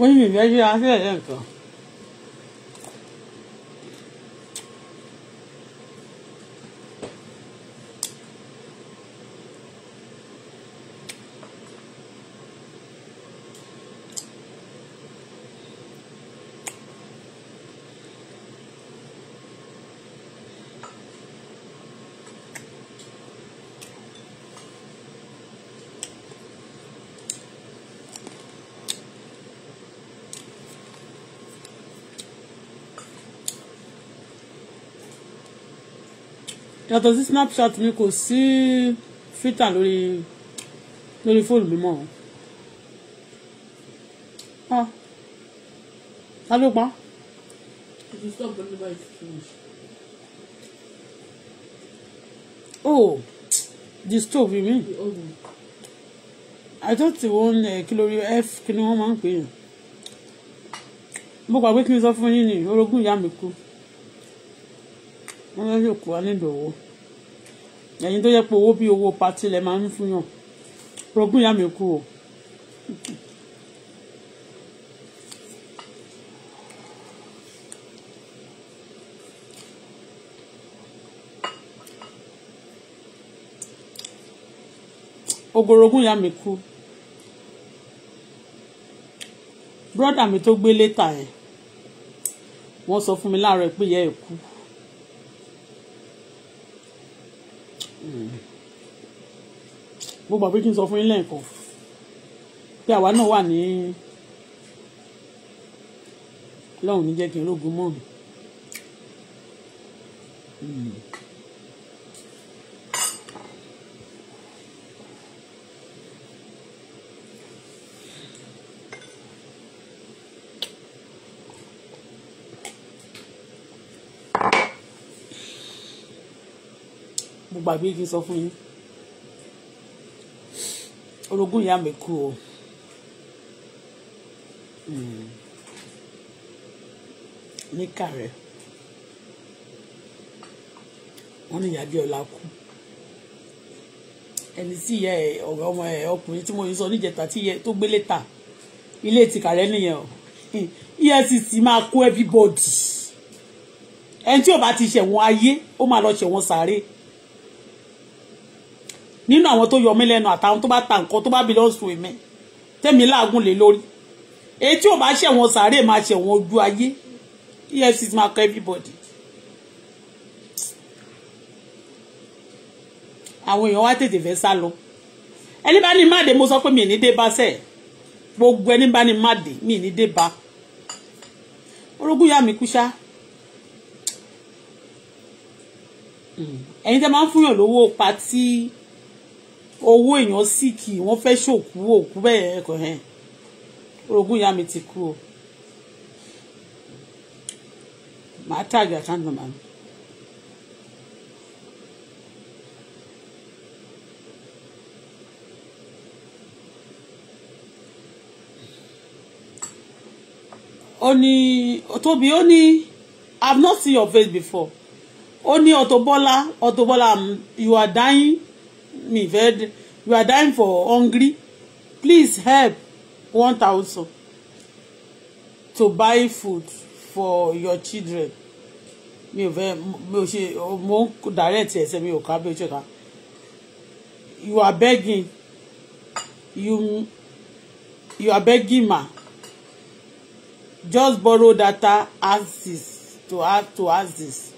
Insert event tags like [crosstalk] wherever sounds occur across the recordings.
我女儿去俺这家吃。yàtọ̀ sí snapchat mi kò sí filter lórí lórí fóònù mi mọ́ ọ́ ta ló pa. oh the stove you mean i thought the one eh, kilo lórí f kí ni wọ́n máa ń pè yàn mo gbàgbé kí n sọ fún yín ni orogún ìyá mi kú. wọ́n yọ yòókù wá nílò owó ẹ̀yin tó yẹ pé owó bí owó patí lẹ máa ń fún yàn rogún ìyá mi kú o. ogorogún ìyá mi kú brọ́dà mi tó gbé létà yẹn wọ́n sọ fún mi láàárọ̀ pé yẹ ẹ̀ kú. mo gbà pé kí n sọ fún yín lẹ́ẹ̀kan pé àwa náà wà ní lọ́hùn ní jẹ́ kí n lógun mọ́ mi. mo gbàgbé kí n sọ fún yín orogún ìyá mi kú o hmm. ní kàrẹ́ wọ́n ní ìyá Adéọlá kú ẹni tí ìyá ẹ ọ̀rọ̀ ọmọ ẹ ọkùnrin tí mo yìí sọ níjẹta tí ìyá tó gbélé ta ilé ti kàrẹ́ nìyẹn o EFCC máa kó everybody ẹni tí ò bá ti ṣẹ̀wọ̀n ayé ó máa lọ ṣẹ̀wọ̀n sáré nínú àwọn tó yọ mí lẹ́nu àtàwọn tó bá ta nǹkan tó bá bí lọ́sùn èmi tẹ́mi láàgùn lé lórí èyí tí ò bá ṣẹ̀wọ̀n sàárè máa ṣẹ̀wọ̀n ojú ayé efcc máa kọ everybody. àwọn èèyàn wá tètè fẹ́ sá lọ ẹni bá ní má dé mo sọ pé mi ní dé bá sẹ́ẹ̀ gbogbo ẹni bá ní má dé mi ní dé bá orogún yá mi kú ṣá hmm. ẹ̀yin tẹ́ máa ń fúnyàn lówó pa tí owó èèyàn síkì wọ́n fẹ́ ṣòkú òkú bẹ́ẹ̀ ẹ̀kọ́ ẹ̀ orogún ìyá mi ti kú o màá tàgé àkáǹtì nàmbà ó ní Tobi ó ní i have not seen your face before ó ní Auto Bola you are dying mi fẹ́ you are dying for hungry please help one thousand to buy food for your children mi ò fẹ́ mi ò ṣe mo ń direct ẹsẹ̀ mi ò ká bí o ṣe ká you are begging you you are begging ma just borrow data access to add to ask this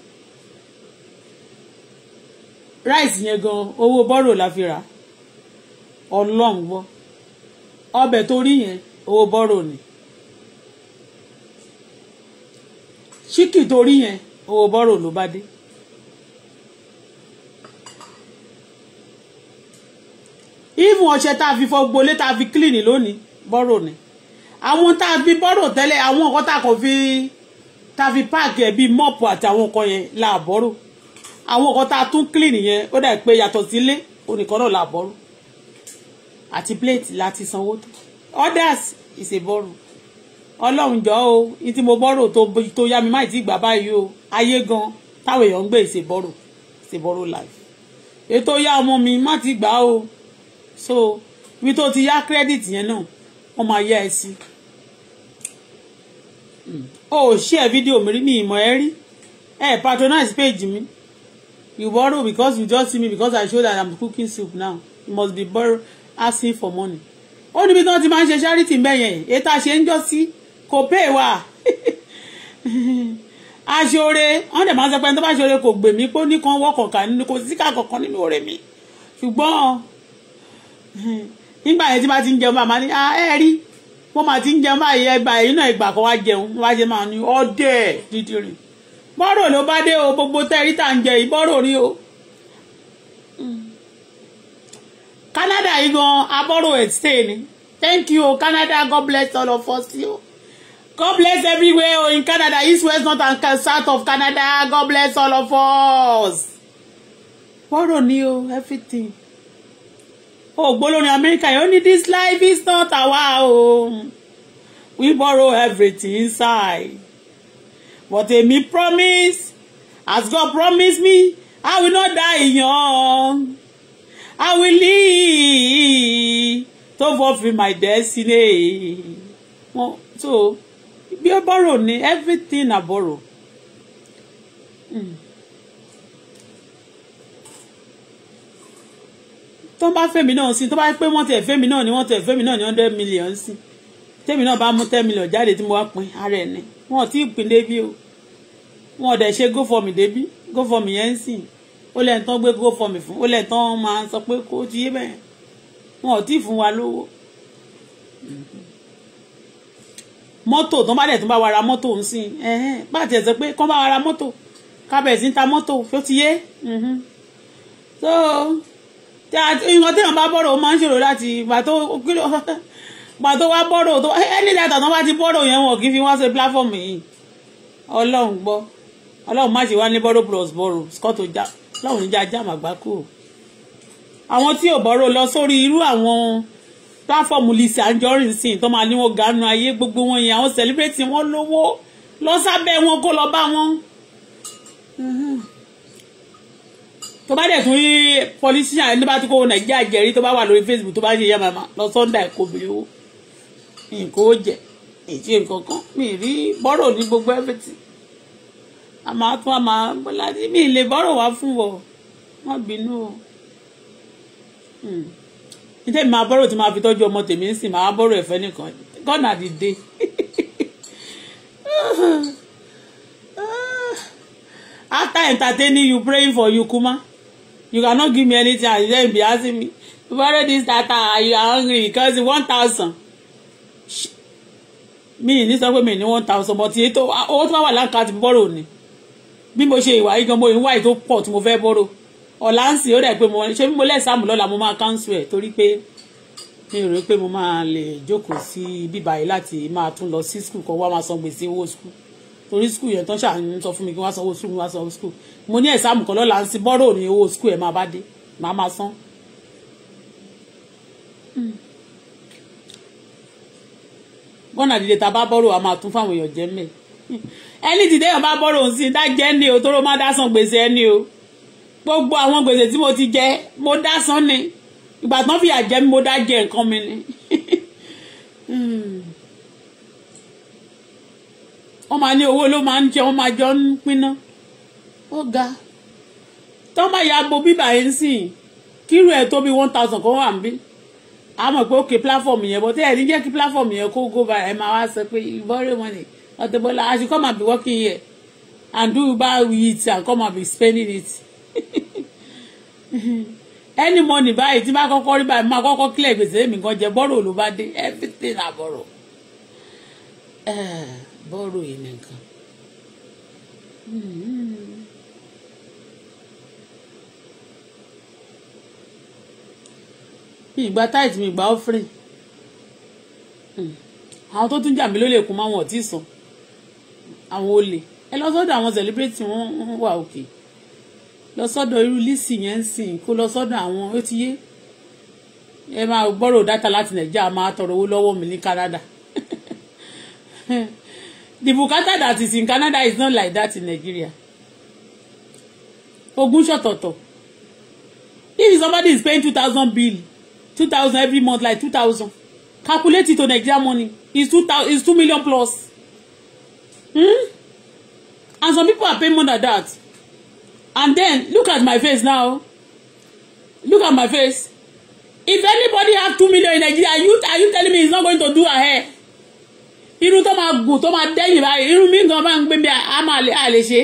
rice yẹn gan owó bọ́rò la fi rà ọlọ́run wọ́ ọbẹ̀ tó rí yẹn owó bọ́rò ni ṣíkì tó rí yẹn owó bọ́rò ló bá dé. ìmù ọṣẹ tá a fi fọ gbolé tá a fi clean lónìí bọ́rò ni àwọn tá a fi bọ́rò tẹ́lẹ̀ àwọn nǹkan tá a kò fi tá a fi páàkì ẹ̀ bíi mọ́ọ̀pù àtàwọn nǹkan yẹn la bọ́rò àwọn nǹkan tá a tún clean yẹn ó dà pé yàtọ̀ sílé onìkan náà là bọ́rù àti plate láti sanwó tó others is a bọ́rù ọlọ́run jọ o ní tí mo bọ́rù tó yá mi má ti gbà báyìí o ayé gan táwọn èèyàn ń gbé is a bọ́rù is a bọ́rù life ètò yá ọmọ mi má ti gbà o so ibi tó ti yá credit yẹn náà wọ́n máa yá ẹ sí hmm. o ò ṣí ẹ fídíò mi rí mi ìmọ̀ ẹ rí ẹ patronize page mi you borrow because you just see me because I show that I'm cooking soup now you must be borrow asking for money ó níbi tí wọ́n ti máa ń ṣe charity mbẹ́ yẹn ètò àṣẹ ń jọ sí kò pay wá [laughs] aṣọre wọ́n dẹ̀ máa ń sọ pé ẹni tó bá ṣọre kò gbè mí pé ó ní kan wọ́kọ̀ kà nínú kò sí kàkọ̀kan nínú ọ̀rẹ́ mi ṣùgbọ́n [laughs] nígbà yẹn tí bá ti ń jẹun bá máa ní ẹ rí wọ́n máa ti ń jẹun báyìí ẹgbà yìí náà ìgbà kan wá jẹun wá jẹun máa ní ọdẹ dídìrín bọ́rọ̀ ló bá dé o gbogbo tẹ́rí tá à ń jẹ yìí bọ́rọ̀ ni o. Canada yìí gan abọ́rọ̀ ẹ̀ stay ni thank you Canada God bless all of us you. God bless everywhere oh, in Canada east west north and south of Canada God bless all of us. bọ́rọ̀ ni o everything. ògbólórin Amẹ́ríkà yìí ó ní this life is not our own we borrow everything inside but èmi promise as God promise me I will not die young I will live to fulfil my destiny well, so bí ó borrow ni everything na borrow. Mm. tó bá fẹ́mi náà sí tó bá pé wọ́n tẹ̀ fẹ́mi náà ni wọ́n tẹ̀ fẹ́mi náà ni hundred million sí tẹ́mi náà bá mú ten million jáde tí mo wá pín ara ẹ̀ ni wọ́n ti pín débi o wọn ò dẹ̀ ṣe go for me débí go for me yẹn ń sìn ó lẹ́yìn tán gbé go for me fún ó lẹ́yìn tán máa sọ pé kó ti yé bẹ́ẹ̀ wọn ò tí ì fún wa lówó mọ́tò tó bá dẹ̀ tó bá wa ra mọ́tò ń sìn ẹ̀hẹ́n bá tiẹ̀ sọ pé kán bá wa ra mọ́tò kábẹ̀ sí ń ta mọ́tò tó ti yé so nǹkan téèyàn bá bọ́rọ̀ ó máa ń ṣòro láti gbà tó kílò gbà tó wá bọ́rọ̀ tó ẹni dàtà tó bá ti bọ́rọ̀ yẹn wọn kì í fi wá ṣe pláfọ́ọ̀mù yìí ọlọ́run gbọ́ ọlọ́run má ṣe wá ní bọ́rọ̀ plus bọ́rọ̀ scott ojá ọlọ́run níjà jam àgbákò àwọn tí ò bọ́rọ̀ lọ sórí irú àwọn platform Lizzy Anjorin sìn tó máa ní wọn ganu ayé gbogbo wọn yẹn àwọn celebrate wọn lówó lọ sábẹ́ wọn kó lọ bá wọn mm-hmm. tó bá dẹ̀ tún rí politician ẹni bá tún kó nàìjíríà jẹ̀rí tó bá wà lórí Facebook tó bá ṣe yá màmá lọ Sunday kò bèrè owó nǹkan ó jẹ èyí nǹkan kan mi rí bọ́rọ̀ ní gbogbo everything a máa tún a máa bọ́lá tí mi lè bọ́rọ̀ wá fún wọ má bínú o hmm. nítorí máa bọ́rọ̀ tí máa fi tọ́jú ọmọ tèmi ń sìn máa bọ́rọ̀ ẹ̀fẹ́ nìkan gọ́nà dìde [laughs] after entertaining you praying for you kuma you cannot give me anything and then be asking me you borrow this data and you are hungry because one thousand mi ní sọ pé mi ní one thousand but owó tí wà láǹkà ti bọ́rọ̀ ni. bí mo ṣe ìwà yìí gan mo ìwà yìí tó pọ̀ tí mo fẹ́ bọ́rọ̀ ọ̀la ń sìn ó dẹ̀ pé mo ṣe bí mo lẹ́sàmù lọ́la mo máa káńsù ẹ̀ torí pé mi ò rò pé mo máa lè jókòó sí bíbá yìí láti máa tún lọ sí skul kan wá máa san gbèsè owó skul torí skul yẹn tán ṣáà ń sọ fún mi kí wọ́n sanwó skul wọ́n sanwó skul mo ní ẹ̀sàmù kan lọ́la ń sìn bọ́rọ̀ ní owó skul ẹ̀ máa bá dé máa máa san. Hmm. bọ́nà dídé ta bá bọ́rọ̀ a máa tún fáwọn èèyàn jẹ́ mẹ́ẹ̀ ẹni tí déyàn bá bọ́rọ̀ òun sí dájẹ́ ni o tóró má dásán gbèsè ẹni o gbogbo àwọn gbèsè tí mo ti jẹ mo dásán ni ìgbà tán fìyà jẹ mi mo dájẹ nǹkan mi ni [laughs] wọ́n máa ní owó ló máa ń jẹ wọ́n máa jọ ń pinná ó ga tó bá ya bo bíbà yẹn sì kírú ẹ̀ tó bí one thousand kan wà ń bí àmọ̀ pé ó ké platform yẹn bọ́ tẹ́ ní jẹ́ kí platform yẹn kó go by ẹ̀ máa wá sọ pé you borrow money Auto Bola, I should come and be working here and do buy it and come and be spending it. [laughs] Any money buy it. bá kọ́kọ́ rí báyìí máa kọ́kọ́ clear gbèsè mi kan jẹ bọ́rọ̀ ló bá borrow. everything na bọ́rọ̀. Eh, bọ́rọ̀ yìí nìkan. Hmm. Mi ìgbà tight mi ìgbà offering. Hmm. Àwọn tó tún jà mí ló lè kún máwọn ọ̀tí sàn àwọn olè ẹ lọ sọ́dọ̀ àwọn celebrate wọn wà òkè lọ sọ́dọ̀ irú lisi yẹn ń sìn kó lọ sọ́dọ̀ àwọn ó ti yé ẹ máa gbọ́rọ̀ dátà láti nàìjíríà máa tọrọ owó lọ́wọ́ mi ní Canada [laughs] the bukata that is in Canada is not like that in Nigeria ogun ṣọ̀tọ̀tọ̀ if somebody is paying two thousand bill two thousand every month like two thousand calculate it to Nigeria money is two thousand is two million plus hmm? and some people are paying more than that and then look at my face now look at my face if anybody have two million in Nigeria are you are you telling me he's not going to do a hair irun tó máa gùn tó máa dẹ́yìn báyìí irun mi gan máa ń gbé bí a máa lè a lè ṣe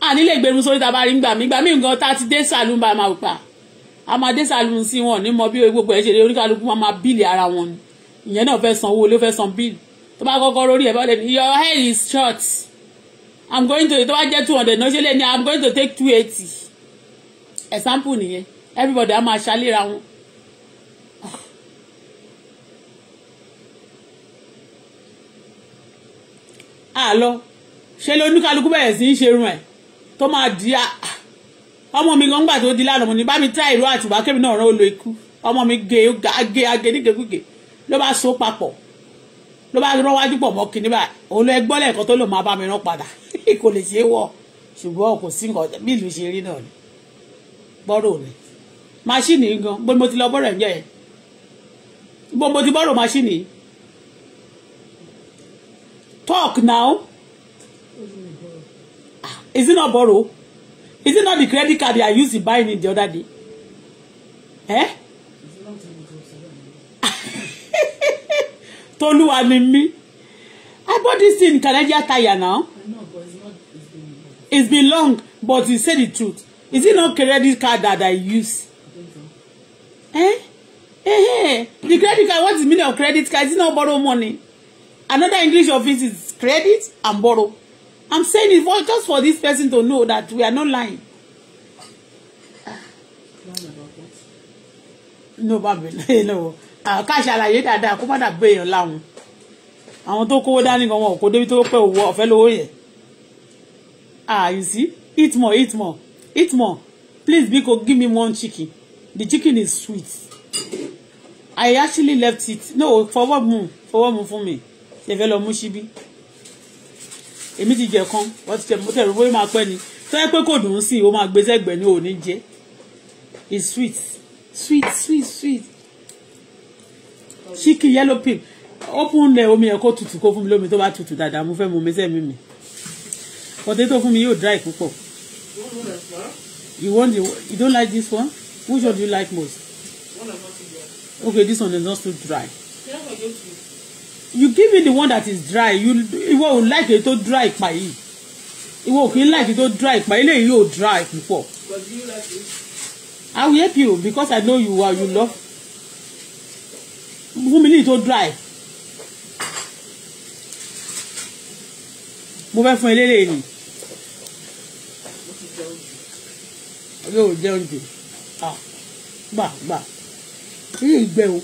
a nílé gbẹrun sórí ta bá rí gbà mí gbà mí gan tá a ti dé sàlùm bá máa pa a máa dé sàlùm sí wọn ní mọ bí gbogbo ẹ ṣe lè oníkàlùkù máa bíìlì ara wọn ni ìyẹn náà fẹ́ sanwó ló fẹ́ san bíìlì tó bá kọ́kọ́ rórí ẹ̀ bọ́lẹ̀ your hair is short i'm going to tó bá jẹ́ two hundred náà ṣe lé ní i'm going to take two eighty example nìyẹn everybody á máa ṣàlera wọn. àlọ ah. ah, ṣe ló ní kálukú bẹ̀rẹ̀ sí í ṣe irun ẹ̀ tó máa di ah, ọmọ mi gan gbà tó di lánàá mo ní bá mi tá ìró àtìwá kébì náà rán ó lo ikú ọmọ mi gé agé agé nígègúgè ló bá so papọ̀ ló bá rán wájú pọ̀ mọ́ kíní báyìí òun lọ ẹgbọ́ lẹ́ẹ̀kan tó lò máa bá mi rán padà [laughs] kò lè ṣe é wọ̀ ṣùgbọ́n kò sí nǹkan bí ìlú ṣe rí náà ni bọ́rọ̀ ni máṣíìnì gan bó ni mo ti lọ bọ́rọ̀ ẹ̀jẹ̀ bó mo ti bọ́rọ̀ máṣíìnì talk now ah, is it not borrow is it not the credit card they are using buying it the other day eh? tolúwa ni mí I bought this thing Canadian tire now no, but it's, not, it's, been long but you said the truth is it not credit card that I use I eh eh eh the credit card what is the meaning of credit card is it not borrow money another English of it is credit and borrow I'm saying it for just for this person to know that we are not lying no babe [laughs] no ká ṣàlàyé dáadáa kó má dàgbé èèyàn láwọn àwọn tó kówó dání gan wọn kò débi tó pẹ́ òwò ọ̀fẹ́ lówó yẹn ah you see eat more eat more eat more please biko give me one chicken the chicken is sweet I actually left it no fọwọ́ mu fọwọ́ mu fún mi ṣe fẹ́ lọ mú síbí èmi ti jẹ kan wọ́n ti jẹ mo tẹ̀rù bóyá máa pẹ́ ni tọ́yẹ́ pé kò dùn ún sí i ó máa gbé sẹ́gbẹ̀ẹ́ ní òní jẹ it's sweet sweet sweet sweet ṣíkì yellow pink open ẹ omi yẹn kó tutù kó fún mi lómi tó bá tutù dáadáa mo fẹ́ mu omi sẹ́mi mi potato fún mi yóò dry púpọ̀ you want the you don't like this one which one do you like most okay this one is not too dry you give me the one that is dry you ìwọ ò like èyí tó dry pa yìí ìwọ ò kì í like èyí tó dry pa eléyìí yóò dry púpọ̀ i will help you because i know you are you love fún mi ní ìtò dry mo fẹ́ fún eléyìí ni yóò jẹun jù ah, gbà gbà yìí ìgbẹ́ o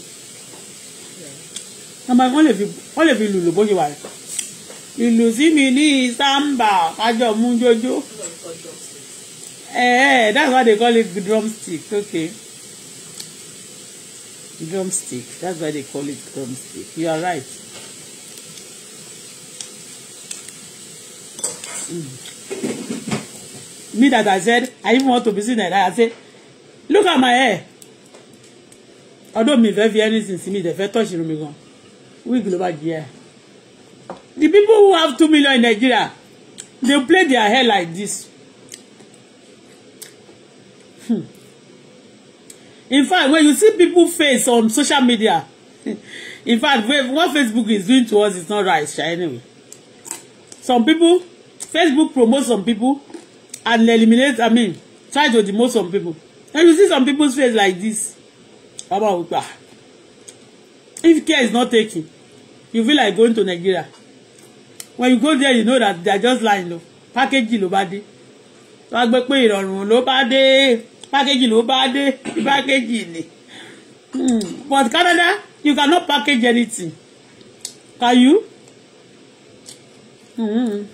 wọ́n lè fi lùlù bó ṣe wà rẹ̀ ìlù sí mi ní sàmbà kájọ mú jójó ẹ̀ẹ́ eh, eh, that's why they call it drumstick okay drumstick that's why they call it drumstick you are right mm. me that i said i even want to be seen that i say look at my hair although me very anything see me the fẹ́ touch irun mi gan wig ló bá hair the people who have two million in Nigeria they play their hair like this. Hmm in fact when you see people face on social media [laughs] in fact what Facebook is doing to us is not right anyway some people Facebook promotes some people and eliminates. I mean try to demote some people and you see some people's face like this baba if care is not taken you feel like going to Nigeria when you go there you know that they are just lying lo packaging ló bá dé wọ́n á gbé pé ìrọ̀rùn package ló bá dé package ni hmm. but Canada you cannot package anything can you. Mm-hmm.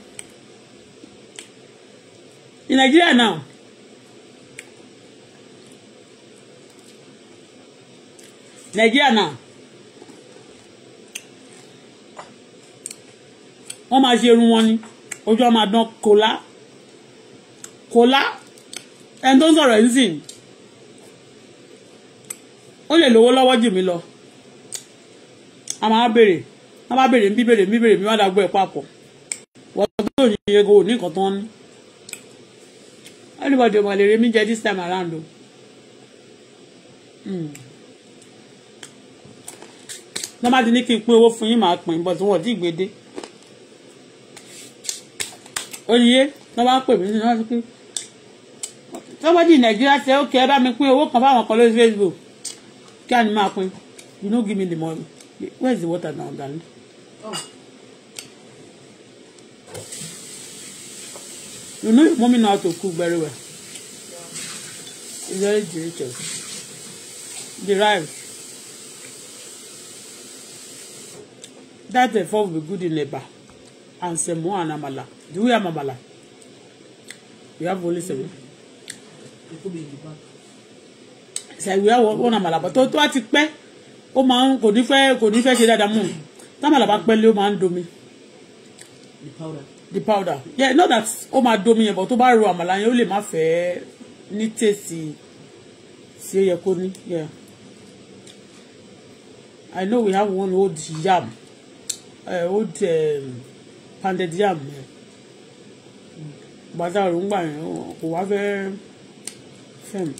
In Nigeria now. Nigeria now. wọ́n máa ṣe irun wọn ni ojú ọmọ àdán kòlá kòlá ẹni tó ń sọ̀rọ̀ ẹ̀ ń sìn ó lè lówó lọ́wọ́ jù mí lọ a máa béèrè a máa béèrè bí béèrè bí béèrè bí má ẹ̀ papọ̀ wọ́n tó ní ní nǹkan ní anybody ọmọ lè rí mi jẹ this time o. Hmm. ní kí n pín owó fún yín pín wọ́n ò tí ì gbé dé. somebody in Nigeria say okay ẹ bá mi pín owó kan fáwọn kan lórí Facebook kí á ní máa pín you no give me the money where is the water now darling. Oh. you know your mommy know how to cook very well yeah. it's very delicious the rice that efo will be good in eba and semo and amala do we have amala we have only semo. Mm -hmm ṣàìwé wọn àmàlàbà tó tó bá ti pẹ́ ó máa ń kò ní fẹ́ kò ní fẹ́ ṣe dáadáa mú támàlàbà pẹ́ lé ó máa ń domi the powder the powder yeah not that ó máa domi yẹn bọ̀ tó bá ro àmàlà yẹn ó lè má fẹ́ ní tèsì tí ó kó ní yeah I know we have one old yam uh, old um, pounded yam gbàdá òrùngbà yẹn kò wá fẹ́ẹ́. Sen.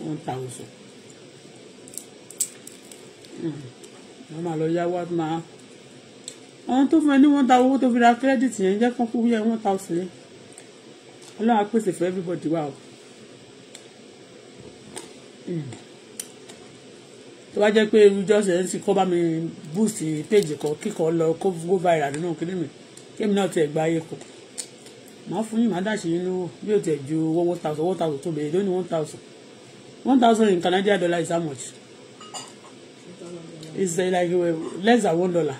One thousand. Wọ́n mm. máa lọ yá wá máa. Àwọn tó fún ẹ ní wọ́n ta owó tó fi ra kírẹ́dìtì yẹn jẹ́ kán kú yẹ one thousand yẹn. Ọlọ́run á pèsè for everybody wow? o. Mm tó bá jẹ́ pé irú just ẹ̀ ń sì kọ́ bá mi boost page kan kíkọ́ lọ kó go viral nínú kíní mi kémi náà tiẹ̀ gba ayé kù màá fún yín màá dàṣe yín lówó bí o tiẹ̀ ju owó one thousand one thousand tó bẹ̀rẹ̀ lónìí one thousand one thousand in Canadian dollar is how much is like uh, less than one dollar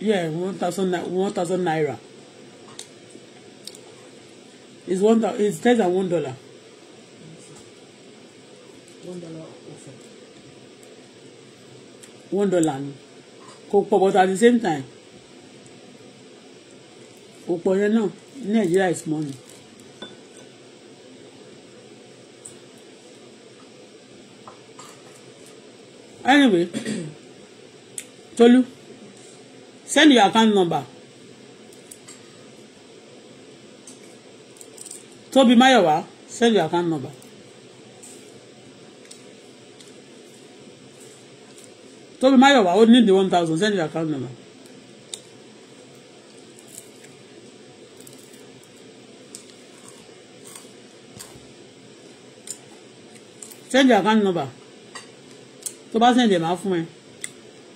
yeah one thousand one thousand naira is one is less than one dollar one dollar ọ̀fẹ́ one dollar ni kò pọ̀ but at the same time ọ̀pọ̀ yẹn náà Nigeria is money. anyway [clears throat] Tolu send your account number Tobi Mayowa send your account number Tobi Mayowa, ó ní the one thousand, send your account number. send your account number tó bá send ẹ̀ e, máa fún ẹ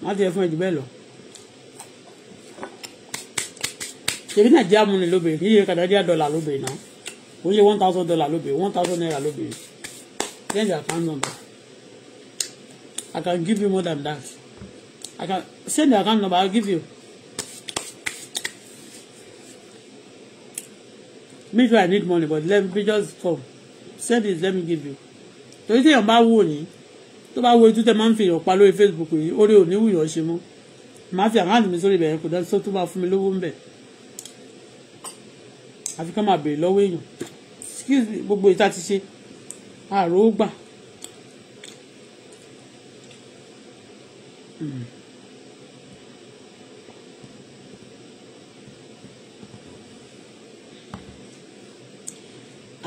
máa ti ẹ fún ẹ jù bẹ́ẹ̀ lọ. ṣèbí nàìjíríà mú ni lóbìnrin kì í ṣe kàdájíà dọ́là lóbìnrin náà kò ń one thousand dollar lóbìnrin one thousand naira lóbìnrin send your account number. I can give you more than that. I can send the account number, I'll give you. Make sure I need money, but let me just come. Send this. let me give you. Torí tí èèyàn bá wò ní, tó bá wo ojú man máa ń fi èèyàn pa lórí Facebook yìí, orí ò ní wùyàn ṣe mọ́. Màá fi àkáǹtì mi sórí ìbẹ̀rẹ̀ kò dá sọ́tún máa fún mi lówó ń bẹ̀. Àfi ká máa béèrè lọ́wọ́ èèyàn. Excuse me, gbogbo ìta ti ṣe. Àrò ó gbà.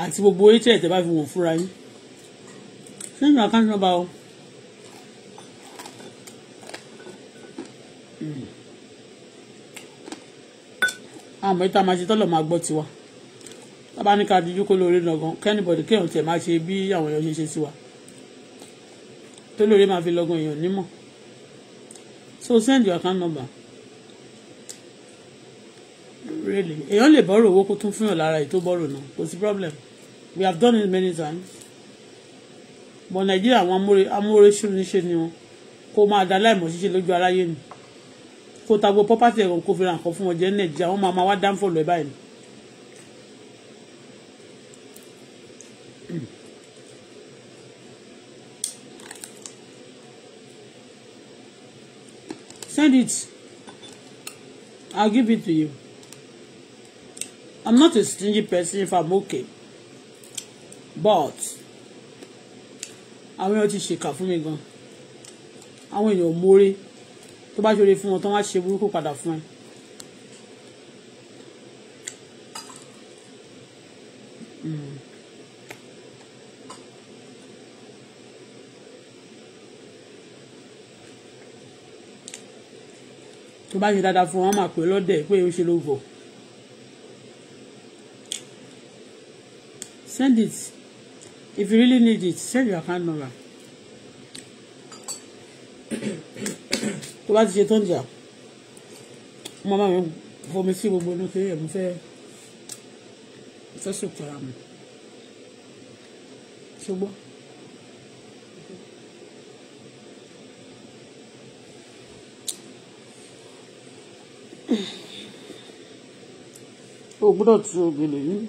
àti gbogbo etí ẹ̀tẹ̀ bá fi wò fúnra yín send your account number o. àmọ́ hmm. ìta ah, máa ṣe tọ́lọ̀ máa gbọ́ tiwa bàbá ní ká dijú kó lóore lọ́gán kẹ́nìbọ̀dì kéèyàn tiẹ̀ máa ṣe bí àwọn èèyàn ṣe ṣe sí wa tó lóore máa fi lọ́gán èèyàn nímọ̀ so send your account number really èèyàn only borrow. owó kó tún fún yàn lára èyí tó bọ́rọ̀ náà kò sí problem we have done it many times but Nàìjíríà àwọn amóoreṣu níṣe ni wọn kó máa da láìmọ̀ ṣíṣe lójú aráyé ni kó ta gbogbo property ẹ̀kọ́ kó fi ra nǹkan fún wọn jẹ́ Nàìjíríà wọ́n máa máa wá dáńfò lọ́ọ́ báyìí send it. I'll give it to you. I'm not a stingy person if I'm okay. But àwọn èèyàn ti ṣèkà fún mi gan. Àwọn èèyàn mórí tó bá ṣòro fún wọn tán wá ṣe burúkú padà fún ẹ. Hmm. tó bá ṣe dáadáa fún wọn máa pè lọ́dẹ̀ pé ó ṣe ló bọ̀ send it if you really need it send your account number [coughs] tó bá ti ṣe tó ń jà mo máa fomi sí gbogbo inú kéré mo fẹ́ fẹ́ sòkòrò àmọ́ ṣùgbọ́n. o gbọ́dọ̀ tú obìnrin yìí.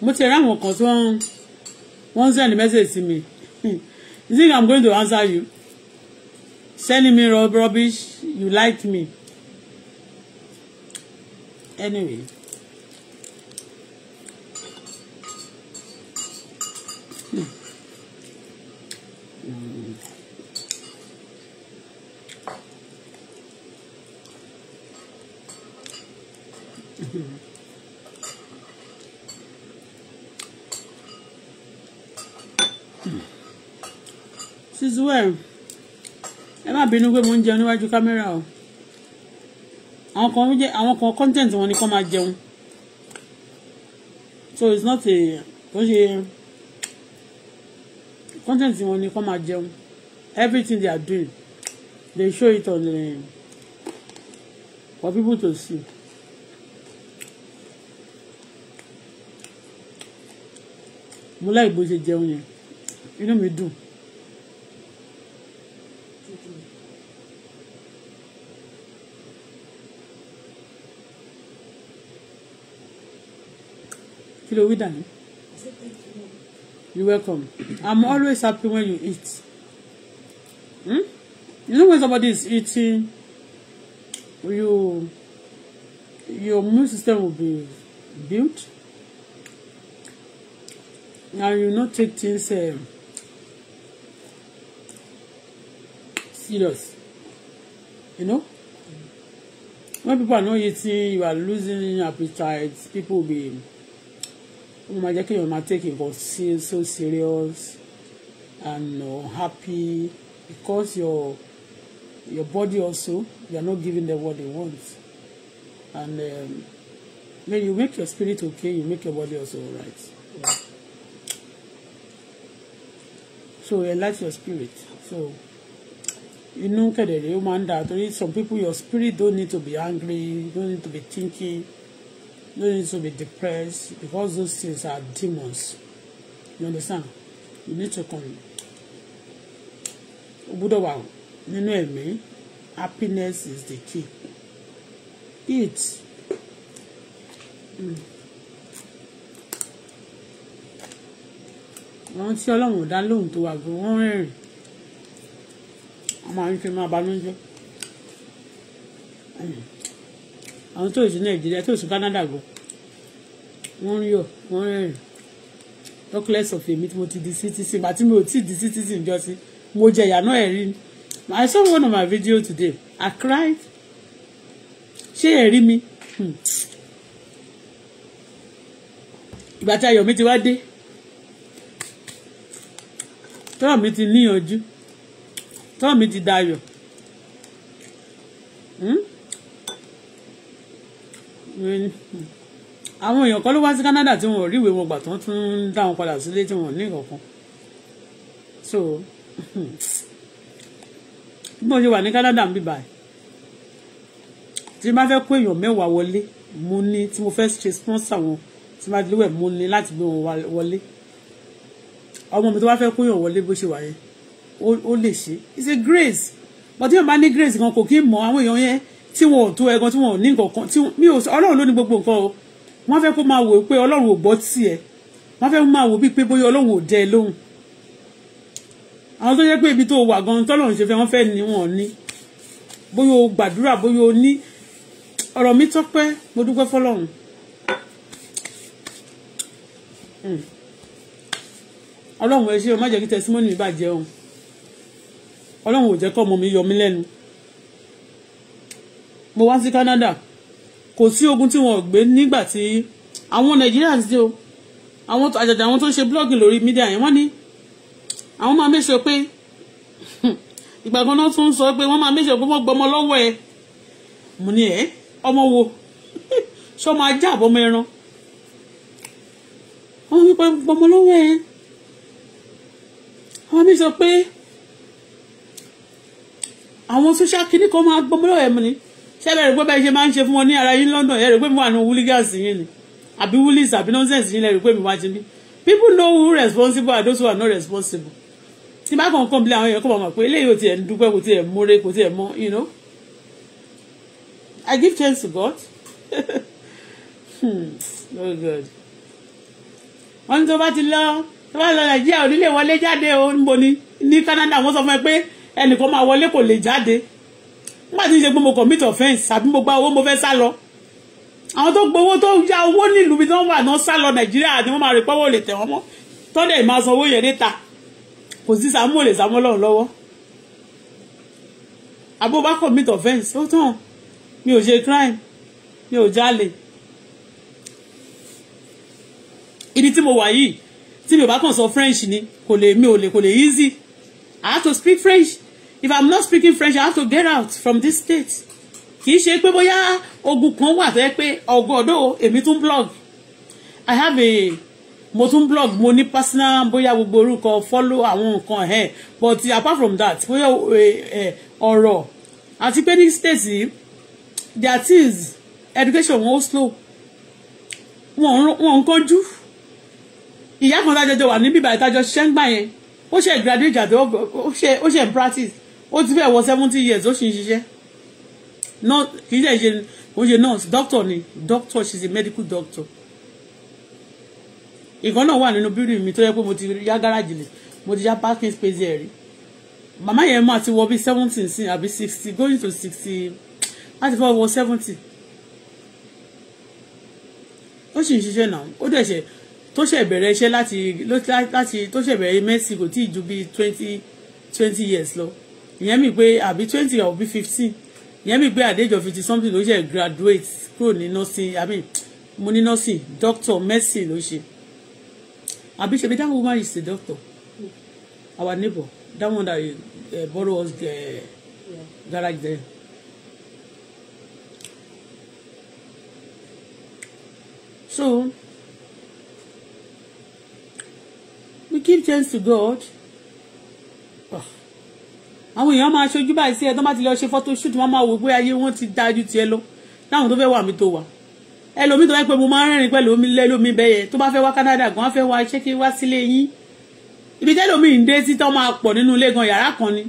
mo ti rí àwọn kan tí wọ́n wọ́n ń send message sí mi hmm. you think i'm going to answer you sending me rubbish you like me anyway. Sizuwe, ẹ má bínú pé mo ń jẹun níwájú kámẹ́rà o àwọn kan jẹ àwọn kan content wọn ni kọ́ máa jẹun so it's not a kò ṣe content wọn ni kọ́ máa jẹun everything they are doing they show it on the eh, for people to see. mo láì bó ṣe jẹun yẹn inú mi dùn. Kilo ló wí you welcome i'm always happy when you eat hmm? you know when somebody is eating you your immune system will be built and you no take things uh, serious you know when people are not eating you are losing appetite people will be ó máa jẹ́ kéèyàn máa take nǹkan so serious and uh, happy because your your body also you are not giving them what they want and um, when you make your spirit okay you make your body also alright. yeah. so enlight your spirit so inú kẹ̀dẹ̀rẹ̀ ó máa ń dà torí some people your spirit don't need to be angry don't need to be thinking no need to be depressed because those things are demons you understand you need to come o gbọ́dọ̀ wà nínú ẹ̀mí happiness is the key eat. Mm. wọn tí ọlọ́run ò dá lóhùn tó wà gan wọ́n rẹ̀rìn ọmọ àwọn ìfẹ́ máa banújẹ́. Hmm àwọn tó sí nàìjíríà tó sí canada gan wọ́n ń yọ̀ wọ́n rẹ́rìn doclets of èmi tí mo ti di citizen àti mi ò tí di citizen jọ sí mo jẹ ìyá náà ẹ̀rí ni I saw one of my video today I cried ṣé ẹ̀rí mi hmm. ìgbà tí ayọ̀ mi ti wá dé tọ́ọ̀ mi ti níyànjú tọ́ọ̀ mi ti dayọ̀. Hmm? àwọn èèyàn kan ló wá sí Canada tí wọn ò ríwèé wọn gbà tán tún ń dá wọn padà sílé tí wọn ní kankan so bí mo ṣe wà ní Canada ń bí báyìí tí n bá fẹ́ kó èèyàn mẹ́wàá wọlé mo ní tí mo fẹ́ ṣe sponsor wọn tí n bá délé wẹ̀ mo ní láti gbé wọn wọlé ọmọ mi tó bá fẹ́ kó èèyàn wọlé bó ṣe wà yẹn ó lè ṣe it's a grace but tí èèyàn bá ní grace gan kò kí ń mọ àwọn èèyàn yẹn tí wọn ò tó ẹgan tí wọn ò ní nǹkan kan tí mi ò ọlọ́run ló ní gbogbo nǹkan o wọ́n fẹ́ kó máa wò pé ọlọ́run ò gbọ́ tiẹ̀ wọ́n fẹ́ máa wò bíi pé bóyá ọlọ́run ò dẹ lóhùn àwọn tó yẹ pé ibi tó wà gan tọ́lọ́run ṣe fẹ́ wọ́n fẹ́ ní wọn ní bóyá o gbàdúrà bóyá o ní ọ̀rọ̀ mi tọ́pẹ́ mo dúpẹ́ fọlọ́run. Hmm. ọlọ́run ẹ ṣé o má jẹ́ kí tẹsímọ́nì mi bàjẹ́ o ọlọ́run ò jẹ́ kọ́ ọmọ mi yọ mí lẹ́nu mo wá sí Canada kò sí ogun tí wọn ò gbé nígbà tí àwọn Nigerians dé o àwọn àjàjà àwọn tó ń ṣe blogging lórí media yẹn wọ́n ní àwọn máa mẹ́sọ̀ pé [laughs] ìgbà kan náà tún sọ pé wọ́n máa mẹ́sọ̀ pé wọ́n gbọmọ lọ́wọ́ ẹ mo ní ẹ ọmọ wo [laughs] ṣọ máa já àbọmọ ẹran wọ́n fi gbọmọ lọ́wọ́ ẹ àwọn mẹ́sọ̀ pé àwọn social kìnnìkan máa gbọmọ lọ́wọ́ ẹ mo ní ṣẹ́bẹ̀ rẹ̀ pé ṣe máa ń ṣe fún wọn ní ara yín London ẹ̀ rẹ̀ pé mi wà ní wúlígàsì yín ni àbí wúlíìsì àbí nọ́ńsẹ̀nsì yín lẹ̀ pé mi wá jí mi people know who responsible are those who are not responsible tí bá kàn kàn bí àwọn èèyàn kọ́ mọ̀ pé eléyìí ò tiẹ̀ ń dúpẹ́ kò tiẹ̀ múre kò tiẹ̀ mọ́ you know I give thanks to God [laughs] hmm, oh God wọ́n ní tó bá ti lọ tó bá lọ Nàìjíríà ò wọlé jáde ó ń bo ni ní Canada wọ́n sọ fún ẹ pé ẹnìkan máa wọlé kò lè jáde nígbà tí ń ṣe pé mo commit offence àbí mo gba owó mo fẹ́ sá lọ àwọn tó gbowó tó ya owó nílùú ibi tí wọ́n wà náà sá lọ nàìjíríà àti wọ́n máa rí pọ́wọ́ lè tẹ̀ wọ́n mọ́ tọ́lẹ̀ máa san owó yẹn níta kò sí sàmú ò lè sàmú ọlọ́run lọ́wọ́ àbó bá commit offence ó tàn mi ò ṣe crime mi ò jalè ibi tí mo wà yìí tí mi ò bá kàn sọ French ni kò lè mi ò lè kò lè easy I have to speak French if i'm not speaking french i have to get out from this state kì í ṣe pé bóyá ogun kan wà tó yẹ pé ọgọdọ èmi tún blog i have a mo tún blog mo ní personal bóyá gbogbo orúkọ follow àwọn nǹkan ẹ but apart from that bóyá eh, eh, ọ̀rọ̀ àti pé ní state yìí their things education wọn ó slow wọn ń kánjú ìyá kan tájọjọ wà níbí ìbàdí tájọ ṣiṣẹ́ ń gbà yẹn ó ṣe graduate àti ó ṣe ó ṣe ń practice ó ti fẹ́ wọ seventy years ó sì ń ṣiṣẹ́ kì í ṣe kò ṣe nurse doctor ni doctor she is a medical doctor ìkan náà wà nínú building mi tó yẹ pé mo ti yá gáràjì lè mo ti yá parking space ẹ̀ rí màmá yẹn máa ti wọ bí seventy sí àbí sixty going to sixty láti fẹ́ wọ seventy ó sì ń ṣiṣẹ́ náà ó dẹ̀ ṣe tó ṣe bẹ̀rẹ̀ iṣẹ́ láti láti tó ṣe bẹ̀rẹ̀ mẹ́sì kò tí ì ju bí twenty twenty years lọ ìyẹn mi pé àbí twenty or bí fifteen ìyẹn mi pé at the age of fifty something ló ṣe graduate kúrò ní nursing i mean mo ní nursing doctor medicine ló ṣe àbí ṣe bí that woman is a doctor our neighbor that one that uh, borrow us the uh, yeah. garage there. So, we give thanks to God. Oh àwọn èèyàn máa ṣojú báyìí sí ẹ tó bá ti lọ ṣe photo shoot wọn máa wò pé ayé wọn ti dájú tiẹ lọ láwọn tó fẹ́ wà mí tó wà ẹlòmíì tó fẹ́ pé mo máa ń rẹ́rìn pẹ̀lú omi lẹ́lómi bẹ́yẹ tó bá fẹ́ wá Canada gan á fẹ́ wá iṣẹ́ kí wá sílé yín ibi tẹ́lòmíì ń dé sí tó máa pọ̀ nínú ilé gan yàrá kan ni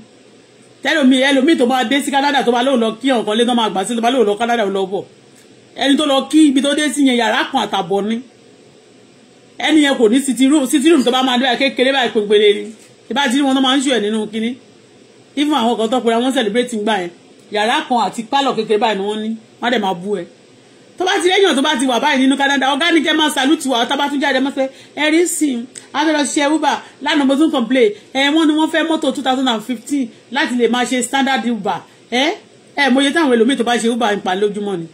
tẹ́lòmíì ẹlòmíì tó máa dé sí Canada tó bá lóò lọ kí ọ̀kan lé tó máa gbà sí tó bá lóò lọ Canada lọ bọ̀ ẹni tó lọ kí ibi tó dé sí yẹn yàrá kan àtàbọ̀ ni ẹni yẹn kò ní sitting room sitting room tó bá máa dé kékeré báyìí pèpèrè ni ìbá ti rí wọn tó máa ń ṣù ẹ̀ nínú kinní even àwọn kan tó pera wọn celebrate ń gbà yẹn yàrá kan àti pálọ̀ kékeré báyìí ni wọ́n ní wọ́n dẹ̀ máa bú ẹ tó bá ti lẹ́yìn tó bá ti wà báyìí nínú Canada ọ̀gá ni kẹ́ máa salute wa tá bá tún jáde máa fẹ́ ẹ̀rí sí i abẹ́rẹ́ ṣiṣẹ́ uber lánàá mo tún complain ẹ̀ wọ́n ni wọ́n fẹ́ mọ́tò two thousand and fifteen láti lè máa ṣe standard uber ẹ̀ ẹ̀ mo yẹ táwọn ẹlòmíì tó bá ṣe uber ń pa lójúmọ́ ni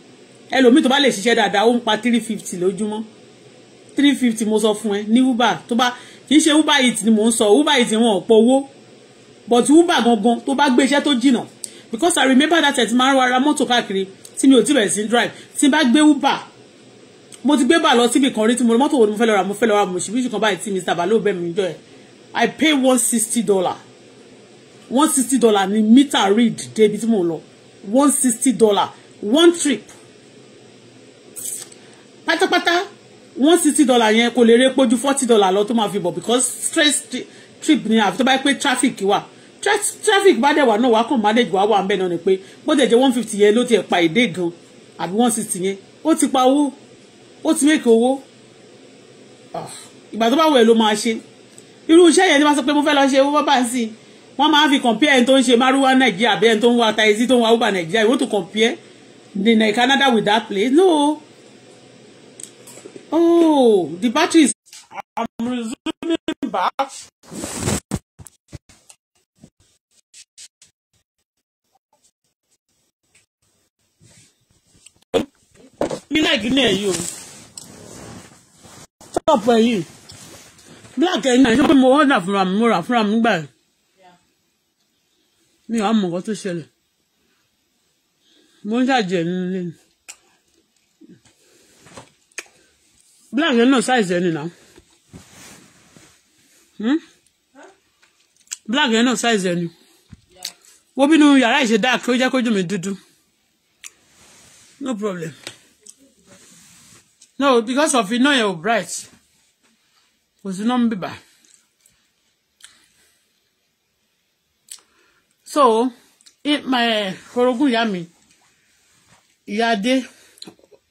ẹlòmíì tó bá lè ṣiṣẹ́ dáadáa ó ń pa three fifty lójúmọ́ three fifty mo sọ fún ẹ ní uber tó bá kì í ṣe uber eat ni mò ń sọ uber eat wọn ò pọ̀ owó but uber gangan tó bá gbé iṣẹ́ tó jìnnà because i remember that ẹ̀ ti máa ń wara mọ́tò káàkiri tí mi ò tí bẹ̀rẹ̀ sí drive tí n bá gbé uber mo ti gbé bà lọ síbi kan rí tí mo mọ́tò wo ni mo fẹ́ lọ ra mo fẹ́ lọ ra mo ṣìbíṣì kan báyìí tí mr balo bẹ́ẹ̀ mi jọ ẹ̀ i pay one sixty dollar one sixty dollar ni meter read débi tí mo lọ one sixty dollar one trip pátápátá one sixty dollar yẹn kò lè ré pójú forty dollar lọ tó máa fi bọ̀ because stress trip ni àfi tó bá yẹ pé traffic wà traffic bá dẹ̀ wà náà wà kàn manage wà wà ń bẹ̀ náà ni pé bó dẹ̀ jẹ́ one fifty yẹn ló ti ẹ̀ pa èdè gan àbí one sixty yẹn ó ti pa owó ó ti make owó ah, ìgbà tó bá wẹ̀ ló máa ṣe irú iṣẹ́ yẹn ni wọ́n sọ pé mo fẹ́ lọ ṣe owó bábà sí i wọ́n máa fi compare ẹni tó ń ṣe márúwá nàìjíríà àbí ẹni tó ń wa taxi tó ń wa uber nàìjíríà you want to compare the Canada with that place no oh the battery I'm resuming back. iná ìgbìnà ẹ̀ yìí o tọ́pù ẹ̀ yìí black ẹ̀ náà ṣé pé mo wọ́n dà fúnra mi mo rà fúnra mi gbà ẹ̀ mi ò mọ̀ nǹkan tó ṣẹlẹ̀ mo ń ṣàjẹ́ nínú ilé ni black yẹn náà size ẹ̀ nìyà hmm? black yẹn náà size ẹ̀ ni wo bínú yàrá ìṣe dark ó jẹ́ kójú mi dúdú no problem. no because of you know your bright was not be bad. so orogún my horogu yami, yade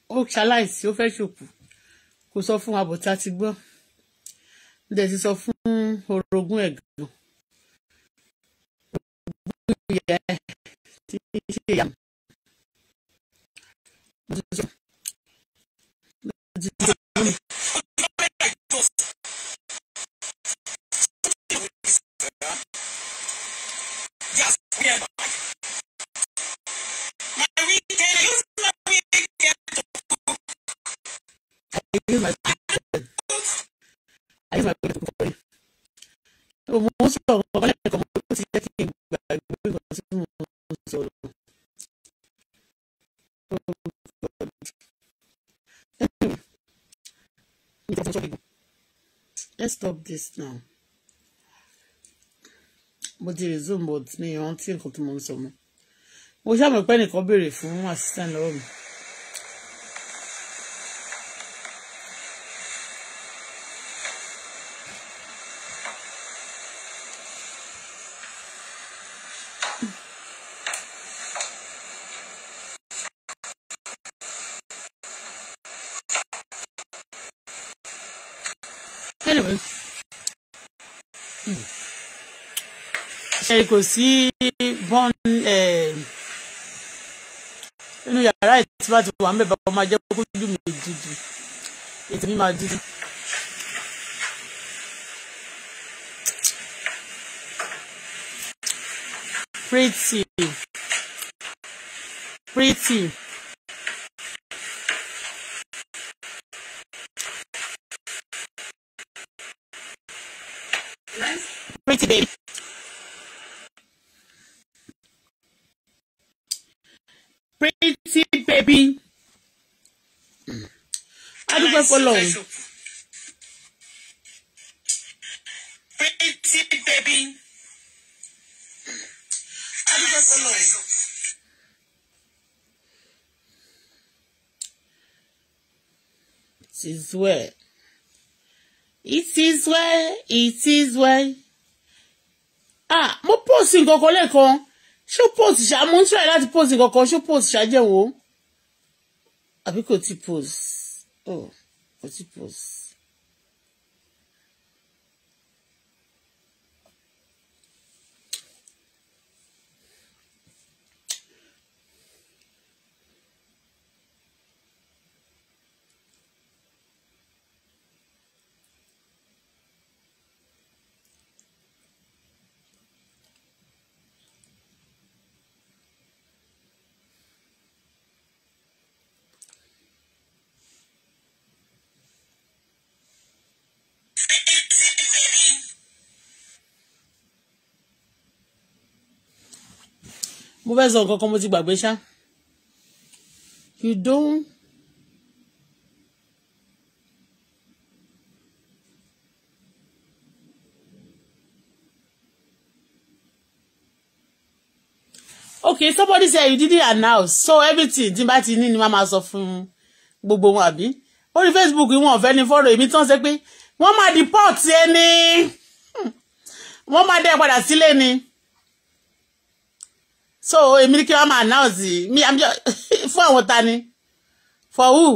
ó ṣaláìsí ó fẹ́ up, kò sọ fún abọ̀tá ti gbọ́ dẹ̀ ti sọ fún orogún ẹ̀gbọ́n 自分面白い、わかんないかも、ついたき、ばい、ぶん、すむ、そう。let's stop this now mo ti resume but mi ìrántí nǹkan tí mo ń sọ mọ́ mo ṣàmọ̀ pé ẹnìkan béèrè fún assistant lọ́wọ́ mi. kò sí bọ́n inú yàrá ìtì bá ti wà ń bẹ̀ bá ọmọ ajẹ́ kó dùn mí dúdú ètò mi máa dúdú. pretty pretty pretty baby. ẹbí adúpẹ́ fọlọ́ o. Pretty baby. Adúpẹ́ fọlọ́ o. It is well. It is well. It is well. Ah, mo post nǹkan kan lẹ́ẹ̀kan. Ṣé post ṣá? Mo ń try láti post nǹkan kan. Ṣé post ṣá jẹ́ wo? àbí kò ti pose oh kò ti pose. mo fẹ́ sọ nǹkan kan mo ti gbàgbé ṣá you don't okay somebody say you didn't announce so everything tí n bá ti ní ni màmá sọ fún gbogbo wọn àbí orí facebook wọn ò fẹ́ ni fọ́rọ̀ èmi tán ṣe pé wọ́n máa deport ẹni hmm. wọ́n máa dẹ́ padà sílé ni so èmi kí wọ́n máa announce mi [laughs] fún àwọn ta ni for who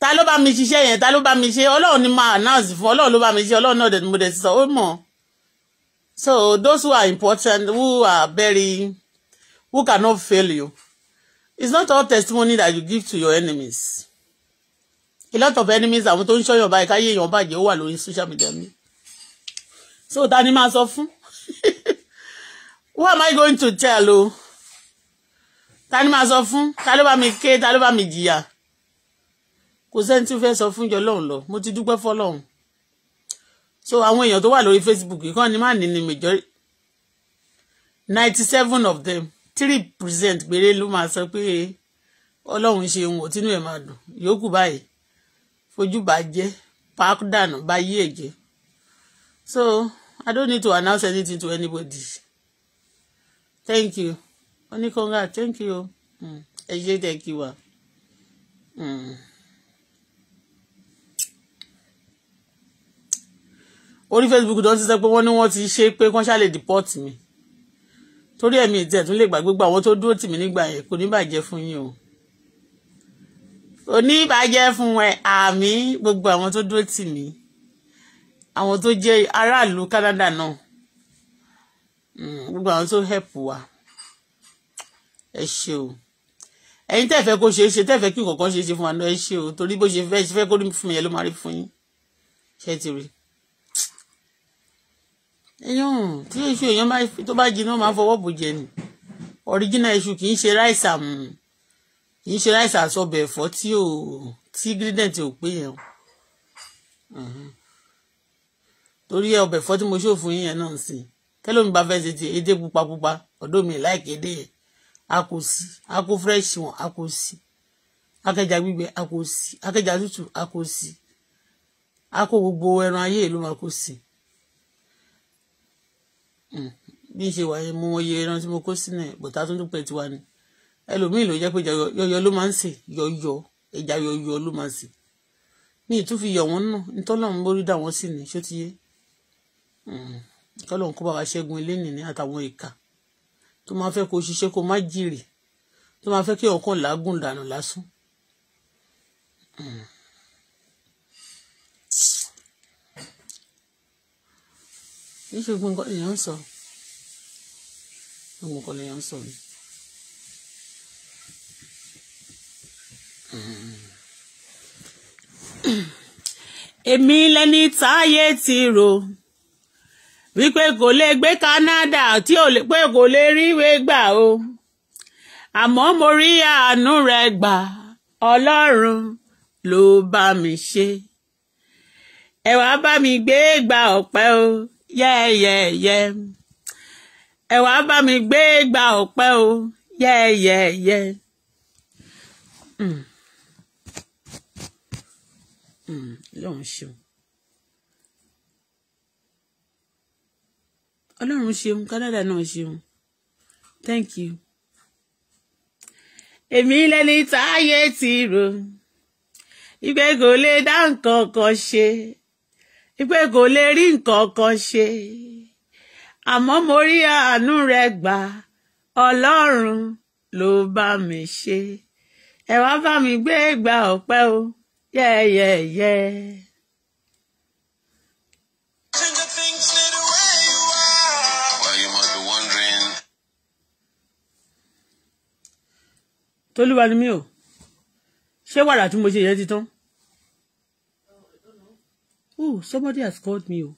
ta ló bá mi ṣiṣẹ́ yẹn ta ló bá mi ṣe ọlọ́run ni máa announce fún ọlọ́run ló bá mi ṣe ọlọ́run náà dẹ̀ mo dẹ̀ sọ ó mọ̀ so those who are important who are very who cannot fail you it's not all testimony that you give to your enemies a lot of enemies àwọn tó ń ṣọyàn báyìí káyé èèyàn bàjẹ́ ó wà lórí social media mi so ta ni máa sọ fún [laughs] who am I going to tell o oh? ta ni máa sọ fún ta ló bá mi ké ta ló bá mi jìyà kò sẹ́ni tí ó fẹ́ sọ fún ìjọ lọ́hùn lọ mo ti dúpẹ́ fọ́lọ́hùn so àwọn èèyàn tó wà lórí Facebook yìí kàn ní má ní ní majority ninety seven of them three percent péré ló máa sọ pé ọlọ́run ṣe ohun òtínú ẹ̀ máa dùn yòókù báyìí fojú bá jẹ́ pákó dànù bá yí ẹ̀jẹ̀ so I don't need to announce anything to anybody thank you oníkóńgà thank you hmm. ẹ ṣe tẹ kí wa. Hmm. orí facebook tó ti sọ pé wọ́n ní wọ́n ti ṣe pé kán ṣáà lè deport mi torí ẹ̀mí ìtẹ̀ tún lè gbàgbé gbà àwọn tó dúró tì mí nígbà yẹn kò ní bàjẹ́ fún yín o kò ní bàjẹ́ fún ẹ àmì gbogbo àwọn tó dúró tì mí àwọn tó jẹ́ aráàlú Canada náà gbogbo àwọn tó help wa ẹ ṣe o ẹ̀yin tẹ́ fẹ́ kó ṣe é ṣe tẹ́ fẹ́ kí nǹkan ṣe é ṣe fún wa náà ẹ ṣe o torí bó ṣe fẹ́ ṣe fẹ́ kó ní fún mi yẹn ló máa rí fún yín ṣe ti rí ẹyún tí iṣu èèyàn tó bá jiná máa fọwọ́ bò jẹ ni original iṣu kì í ṣe ráìsì àmù kì í ṣe ráìsì àsọbẹ̀ ẹ̀fọ́ tí ò tí ingredient ò pé yẹn torí ọbẹ̀ ẹ̀fọ́ tí mo ṣòfò tẹ́lómi bá fẹ́ ṣe ti edé pupa pupa ọ̀dọ́ mi láìké dé yẹn a kò sí a kó fresh wọn a kò sí akẹja gbígbẹ a kò sí akẹja tútù a kò sí a kó gbogbo ẹran ayé ló máa kó sí hmm. bí n ṣe wà yẹn mo mọye ẹran tí mo kó sínú ẹ bọ̀tá tó ń dúpẹ́ tiwa ni ẹlòmíì ló jẹ́ pé yọyọ ló máa ń sè yọyọ ẹja yọyọ ló máa ń sè mi ì tún fi yọ wọn náà nítọ́lọ́run bó rí dà wọ́n sí ni ṣó ti yé. Mm-hmm kọ́lọ́n kó bá wa ṣẹ́gun ilé nìní àtàwọn ìka tó máa fẹ́ kó ṣiṣẹ́ kó má jìrì tó máa fẹ́ kí ọkàn làágùn dànù lásán. níṣègùn nǹkan èèyàn ń sọ ọmọ nǹkan èèyàn ń sọ ni. èmi lẹni táyé ti rò wípé kò lè gbé Canada tí ò lè pé kò lè ríwé gbà o àmọ́ mo rí àánú rẹ gbà Ọlọ́run ló bá mi ṣe ẹ wàá bá mi gbé gba ọpẹ́ o yẹyẹyẹ ẹ wàá bá mi gbé gba ọpẹ́ o yẹyẹyẹ. Mm. Hmm. ṣeun. ọlọ́run ṣeun kánádà náà ṣeun thank you. èmi lẹni táyé ti rò ìpè kò lè dá nǹkan kan ṣe ìpè kò lè rí nǹkan kan ṣe àmọ́ mo rí àánú rẹ gbà ọlọ́run ló bá mi ṣe ẹ wá bá mi gbé ìgbà ọpẹ́ o yẹ́ẹ́yẹ́ẹ́yẹ́. Yeah, yeah, yeah. tolúwa ni mí o ṣé wàrà tí mo ṣe yẹn ti tán oh somebody has called me o.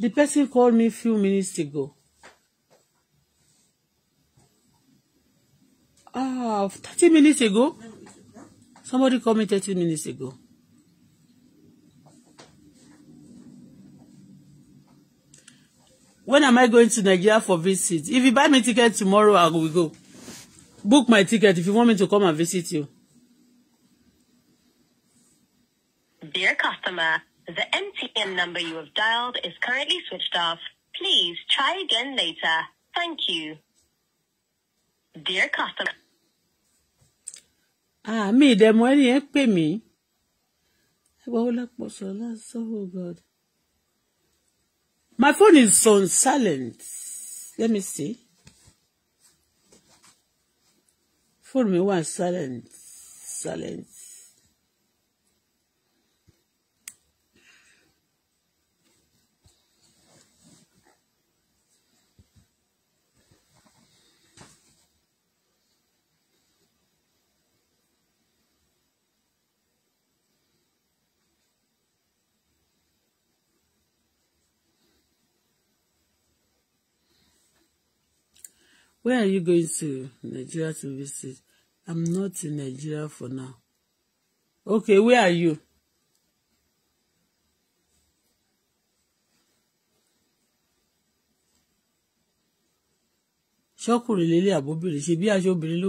The person called me few minutes ago. Ah, 30 minutes ago? Somebody called me 30 minutes ago. when am I going to Nigeria for visit? If you buy me ticket tomorrow, I will go. Book my ticket if you want me to come and visit you. Dear customer, the MTN number you have dialed is currently switched off. Please try again later. Thank you. Dear customer. Ah, me, the money, pay me. Oh, God. My phone is on silent. Let me see. Phone me one silent. Silent. Where are you going to? Nigeria to visit. I'm not in Nigeria for now. Okay, where are you? ṣọkùnrin lélẹ̀ àbóbìnrin ṣe bí aṣọ obìnrin ló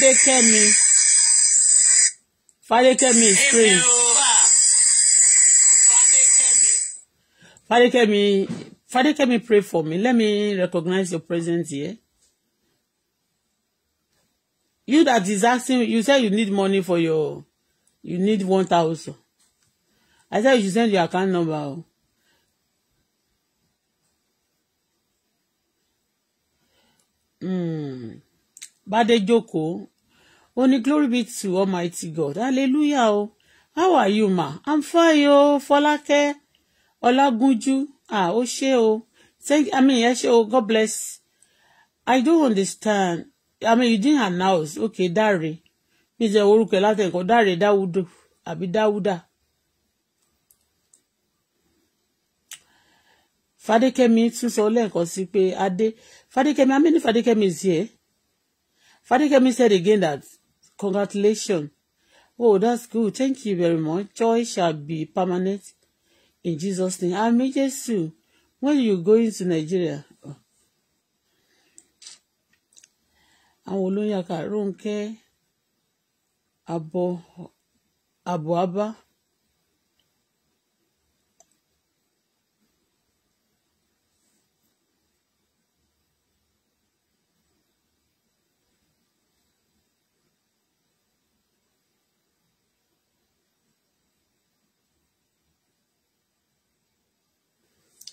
Fadékẹ́mi Fadékẹ́mi is praying ah. Fadékẹ́mi Fadékẹ́mi pray for me let me recognize your presence here you that is asking you say you need money for your you need one thousand I said you should send your account number oh. Hmm. Bade Joko ó ní glory be to almighty god hallelujah o how are you ma i'm fine o fọlákẹ́ ọlágúnjú ah ó ṣé o thank i mean ẹ ṣé o god bless i don't understand i mean you didn't announce okay dáre mi jẹ orúkọ ẹ látẹ̀kọ́ dáre dáwúdò àbí dáwúdà. Fadékẹ́mi tún sọ lẹ́ẹ̀kan sí pé Adé Fadékẹ́mi how many Fadékẹ́mi is here Fadékẹ́mi said again that Congratulation! Oh, that's good. Thank you very much. Joy shall be permanent in Jesus' name. Àmín Jésù, when you go into Nigeria. Àwọn olóyè àkàrà Rónkẹ́ Abọ̀ Abọ̀ Abá.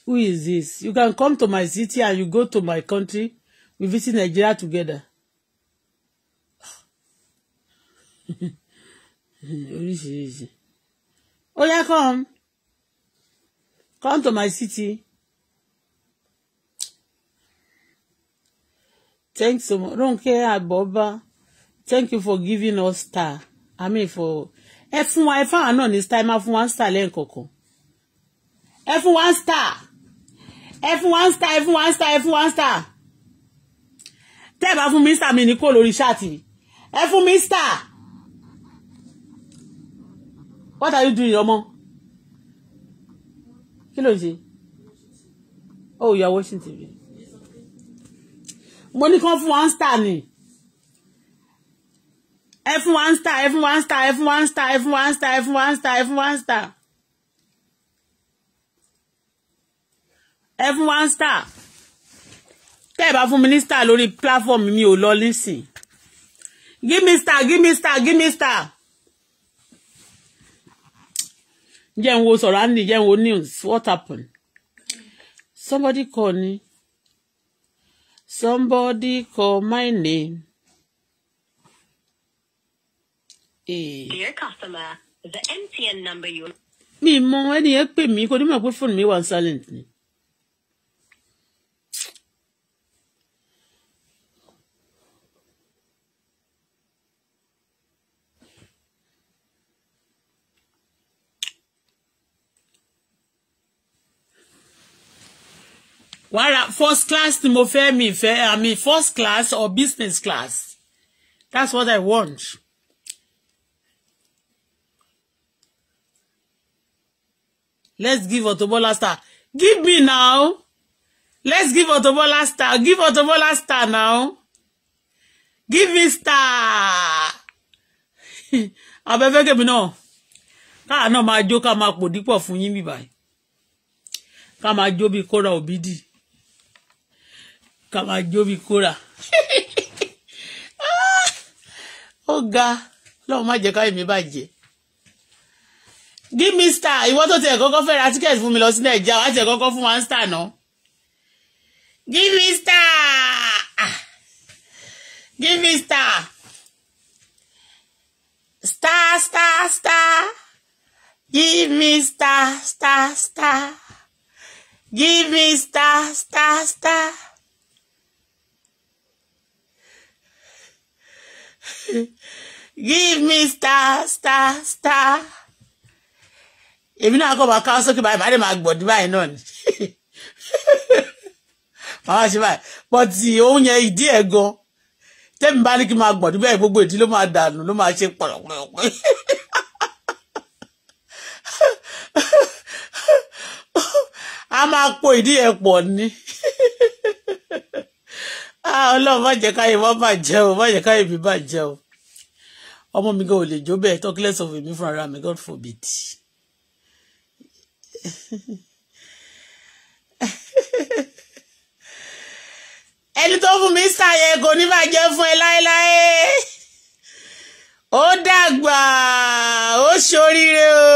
who is this you can come to my city and you go to my country we visit Nigeria together [laughs] oríṣiríṣi oya come come to my city thanks so much Ronke Aboba thank you for giving us star i mean for ẹ fún wa ẹ fún wa náà ní star ẹ máa fún wa star lẹ́ẹ̀kọ̀ọ̀kan ẹ fún wa star. F one star F one star F one star tẹ́ ẹ bá fún mínísítà mi ní kó lórí ṣáàtì ẹ fún mínísítà what are you doing ọmọ kí ló ṣe oh you are watching tv mo ní kán fún one star ni ẹ fún one star ẹ fún one star ẹ fún one star ẹ fún one star ẹ fún one star ẹ fún one star. ẹ fún one star tẹ́ ẹ bá fún mi ní star lórí platform mi ò lọ nísìn give me star give me star give me star jẹ́ n wo sọ̀rọ̀ andy jẹ́ n wo news what happen somebody call me somebody call my name. Eh. Dear customer, the MTN number you. mi mọ ẹni yẹn pè mí kò ní mọ̀ pé fóònù mi wà silent ni. wàrà first class ni mo fẹ́ mi fẹ́ àmì first class or business class that's what I want. Let's give Otobola star. Give me now. Let's give Otobola star. Give Otobola star now. Give me star. [laughs] Abẹ́fẹ́ kèmí náà. Káà náà máa jó ká máa pò dípọ̀ fún yín bíbáyìí. Ká máa jó bí kóra òbídìí ká máa jó kóra [laughs] ó ga lọ́wọ́ má jẹ́ káyọ̀ mi bàjẹ́ give me star ìwọ tó tiẹ̀ kọ́kọ́ fẹ́ ra ticket fún mi lọ sí nàìjíríà wá tiẹ̀ kọ́kọ́ fún one star náà give me star give star star star give me star star star give me star star star. give me star star star èmi náà kọ́ máa ká sókè báyìí màá lè máa gbọ̀dí báyìí náà ni [laughs] màá ṣe báyìí pọ̀tì oúnjẹ ìdí ẹ̀ gan tẹ́mi bá ní kí n máa gbọ̀dí bẹ́ẹ̀ gbogbo ìdí ló máa dànù ló máa ṣe pọ̀lọ̀pọ̀lọ̀pọ̀ [laughs] a máa po ìdí ẹ̀ pọ̀ ni. Ah, ọlọ́run má jẹ́ káyé wọ́n bàjẹ́ o má jẹ́ káyé mi bàjẹ́ o ọmọ mi gan ò lè jó bẹ́ẹ̀ talk less of èmi fúnra mi God forbid. [laughs] ẹni tó fún mi ṣàyẹ kò ní bàjẹ́ fún ẹ láéláé ó dàgbà ó ṣoríire o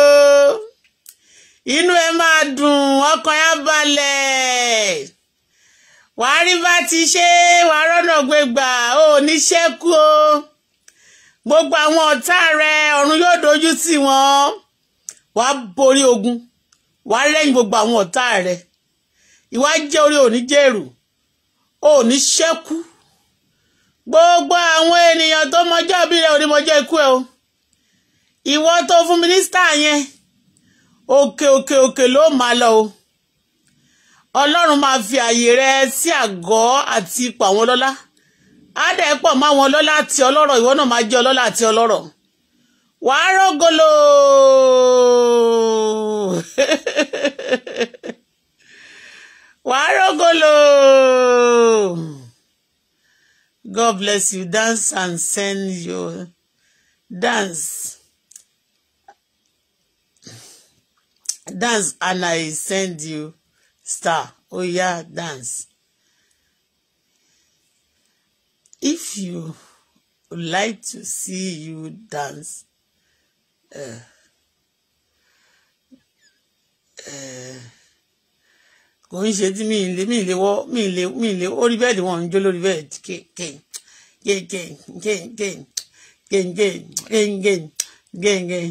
inú ẹ máa dùn ọkàn ẹ balẹ̀ wàá rí bá ti ṣe wàá rọ́nà gbégbà ó níṣẹ́kù o gbogbo àwọn ọ̀tá rẹ ọ̀run yóò dojú tì wọ́n wàá borí ogun wàá lẹ́yìn gbogbo àwọn ọ̀tá rẹ ìwà jẹ́ orí òní jèrò òní ṣẹ́kù gbogbo àwọn ènìyàn tó mọjọ́ bí rẹ òní mọjọ́ ikú ẹ o ìwọ tó fún mínísítà yẹn òkè òkè òkè ló máa lọ o ọlọ́run máa fi àyè rẹ sí àgọ́ àti ipò àwọn ọlọ́lá á dẹ̀ pọ̀ mọ́ àwọn ọlọ́lá àti ọlọ́rọ̀ ìwọ náà máa jẹ́ ọlọ́lá àti ọlọ́rọ̀ wàá rọ́gọ́lò [laughs] wàá rọ́gọ́lò God bless you dance and send your dance dance and I send you star oya dance if you like to see you dance uh, uh, kò ń ṣe tí mi lè mi lè wọ mi lè mi lè orí bẹ́ẹ̀dì wọn ń jó lórí bẹ́ẹ̀dì kéèkéè kéèkéè kéèkéè kéèkéè kéèkéè kéèkéè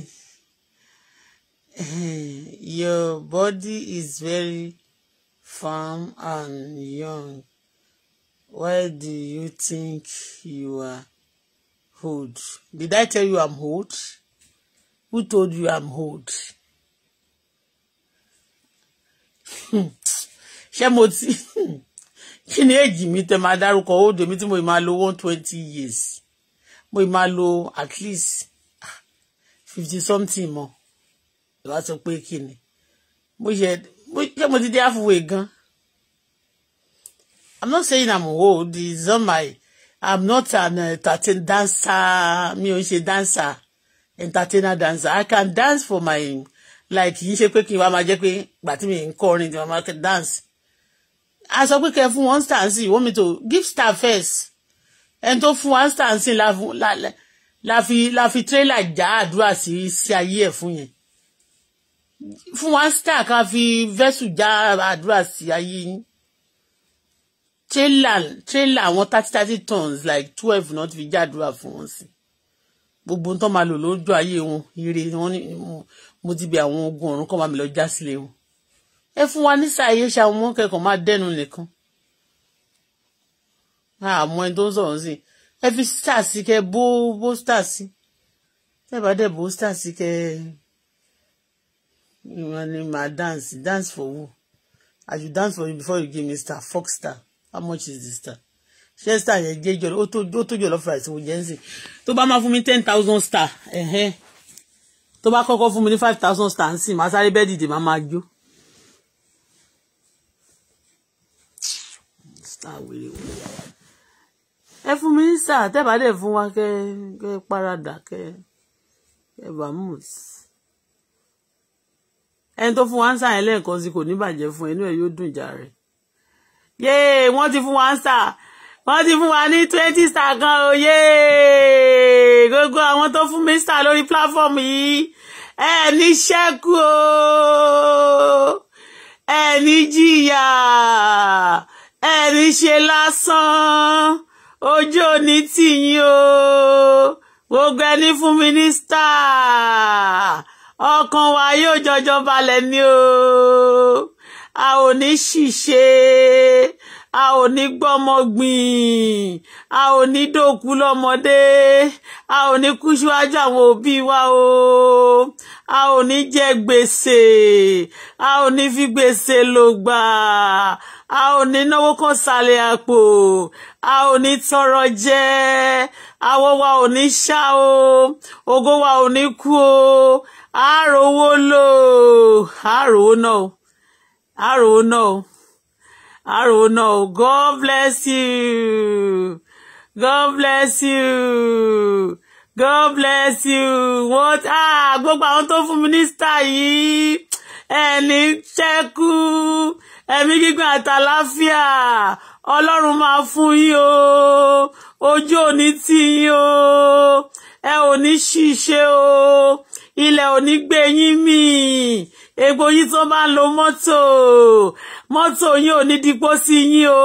your body is very farm and young why do you think you are old did i tell you i'm old who told you i'm old [laughs] ṣé mo ti [laughs] kí ni èjì mi tẹ máa dárúkọ old èmi tí mo máa lo one twenty years mo máa lo at least fifty something mọ ìwà sọ pé kí ni mo ṣe ṣé mo ti dé halfway gan i'm not saying i'm old it's not my i'm not an entertain dancer mi ò ń dancer entertainer dancer i can dance for my like you í ṣe pé kí n wá máa jẹ́ pé gbà tí mi ń kọrin tí wọ́n máa dance a sọ pé kẹ fún one star you want me to give star first ẹni tó fún one star love, la fi la fi tírélà já àdúrà sí sí ayé ẹ̀ fún yẹn fún wa star ká fi vẹ́sù já àdúrà sí ayé yín trailer trailer àwọn thirty thirty tons like twelve náà ti fi já àdúrà fún wọn sí gbogbo tó máa lò lójú ayé wọn ire wọn ni mo ti bẹ àwọn ogun ọ̀run kọ́ máa mi lọ já sílé wọn ẹ fún wa nísà ayé ṣàwọn ọmọ kẹ́kọ̀ọ́ máa dẹnu nìkan àmọ́ ẹni tó ń sọ̀rọ̀ sí ẹ fi star sí kẹ bó bó star sí ẹ bá dẹ̀ bó star sí kẹ wọn ni ma dance dance for who i should dance for you before you give me star fox star how much is the star ṣé star yẹn jẹ́ jọ ó tó jọ lọ́fà ìṣòwò jẹ́nsì tó bá máa fún mi ten thousand star ẹ̀hẹ́n tó bá kọ́kọ́ fún mi ní five thousand star ń sìn máa sáré bẹ́ẹ̀ dìde máa máa jó. star wèrè wò ẹ fún mi ní star tẹ́bàá dẹ̀ fún wa kẹ́ kẹ́ paradà kẹ́ ẹ bàmùs ẹni tó fún wa ánsà yẹn lẹ́ẹ̀kan sí kò ní bàjẹ́ fún ẹ inú ẹ yóò dùn jàre yéè wọ́n ti fún wa ánsà wọ́n ti fún wa ní twenty star kan o yéè gbogbo àwọn tó fún mi star lórí platform yìí ẹ ní ṣẹ́kù o ẹ ní jìyà ẹ ní ṣe lásán ojú ò ní tì yín o gbogbo ẹni fún mi ní star ọkàn wa yóò jọjọ balẹ̀ ni o a ò ní ṣìṣe a ò ní gbọ́mọgbìn a ò ní dòkú lọ́mọdé a ò ní kú síwájú àwọn òbí wa o a ò ní jẹ gbèsè a ò ní fi gbèsè lò gbà a ò ní náwó kan sàlẹ̀ àpò a ò ní tọrọ jẹ àwọ̀ wa ò ní ṣá o ògo wa ò ní kú o àròwó lò àròwó náà o àròwó náà o àròwó náà o God bless you God bless you God bless you what ah gbogbo àwọn tó fún mínísítà yìí ẹni ṣẹ́kù ẹ̀mí gígùn àtàláfíà ọlọ́run máa fún yín o ojú ò ní yín o ẹ ò ní ṣìṣe o ilẹ̀ ò ní gbé yín mì egbò yín tó máa ń lo mọ́tò mọ́tò yín ò ní dipó sí yín o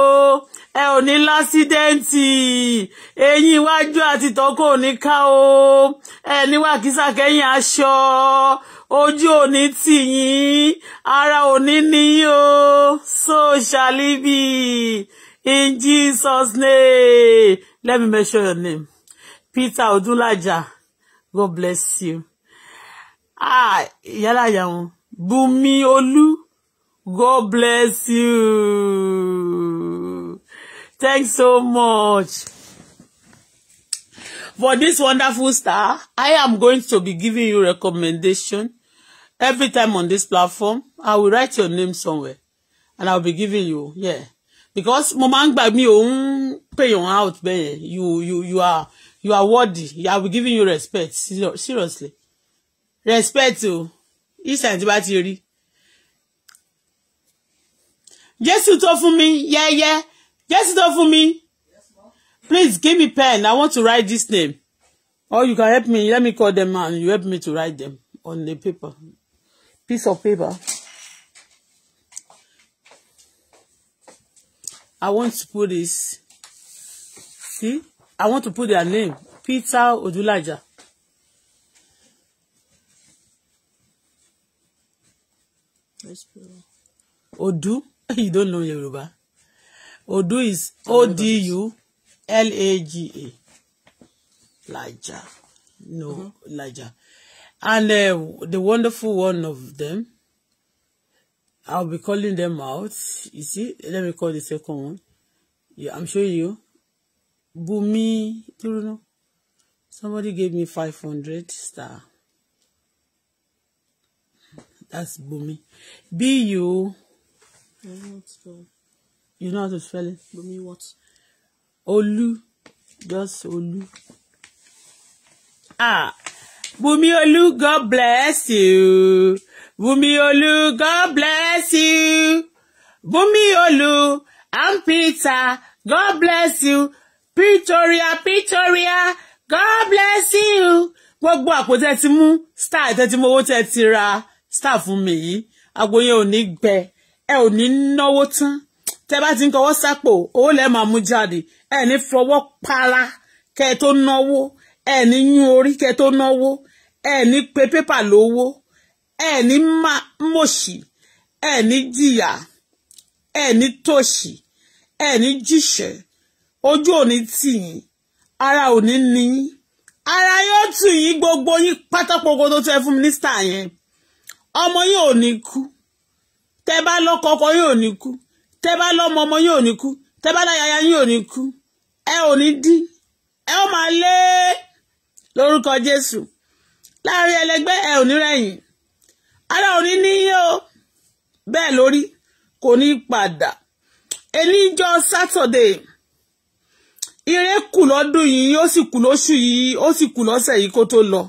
ẹ ò ní lásídẹ́ǹtì eyín iwájú àti tọ́kọ̀ ò ní ká o ẹ ní wàkísà kẹ́yìn aṣọ ojú ò ní tì yín ara ò ní níyìn o so shall it be in Jesus name let me mention your name Peter Odulaja God bless you ìyálà ah, ìyá wọn Bùnmi olu. God bless you thanks so much for this wonderful star I am going to be giving you recommendation every time on this platform I will write your name somewhere and I will be giving you yeah because mo máa ń gbà mí out bẹ́ẹ̀ you you you are you are worthy I will be giving you respect seriously respect o ìsàn tí bá ti rí jésù tó fún mi yẹ́yẹ́ jésù tó fún mi please give me pen i want to write this name or you can help me let me call them and you help me to write them on the paper piece of paper i want to put this see i want to put their name peter odulaja Odu, [laughs] you don't know Yoruba. Odu is O D U L A G A. Laja. No, mm -hmm. Laja. And uh, the wonderful one of them, I'll be calling them out. You see, let me call the second one. Yeah, I'm showing you. Bumi, do you know. Somebody gave me 500 star. That's Bumi. B U. I don't know how to spell. You know how to spell it? Bumi what? Olu. Just Olu. Ah. Bumi Olu, God bless you. Bumi Olu, God bless you. Bumi Olu, I'm Peter. God bless you. Pretoria, Pretoria, God bless you. Gbogbo àpò tẹ́ ti mú, star tẹ́ ti mú owó tẹ́ ti ra staff mi yìí agbo yẹn ò ní gbẹ ẹ ò ní náwó tán tẹ bá ti ń kọwọ́ sápò owó lẹ́ẹ̀ máa mú jáde ẹ ní fọwọ́ para kẹ tó náwó ẹ ní yún orí kẹ tó náwó ẹ ní pe pépà lówó ẹ ní mọ̀ṣì ẹ ní jìyà ẹ ní tòṣì ẹ ní jìṣẹ́ ojú ò ní tì ara ò ní ní ara yóò tù yín gbogbo yín pátápọ̀ gbogbo tó tẹ fún mínísítà yẹn ọmọ yín ò ní kú tẹ́ bá lọ́kọ ọkọ yín ò ní kú tẹ́ bá lọ́mọ ọmọ yín ò ní kú tẹ́ bá láyàyà yín ò ní kú ẹ ò ní dín ẹ ó máa lé lórúkọ Jésù láàrin ẹlẹgbẹ́ ẹ ò ní rẹ̀yìn ara ò ní níyí o bẹ́ẹ̀ lórí kò ní padà eníjọ́ Saturday ire kù lọ́dún yìí ó sì kù lóṣù yìí ó sì kù lọsẹ yìí kó tó lọ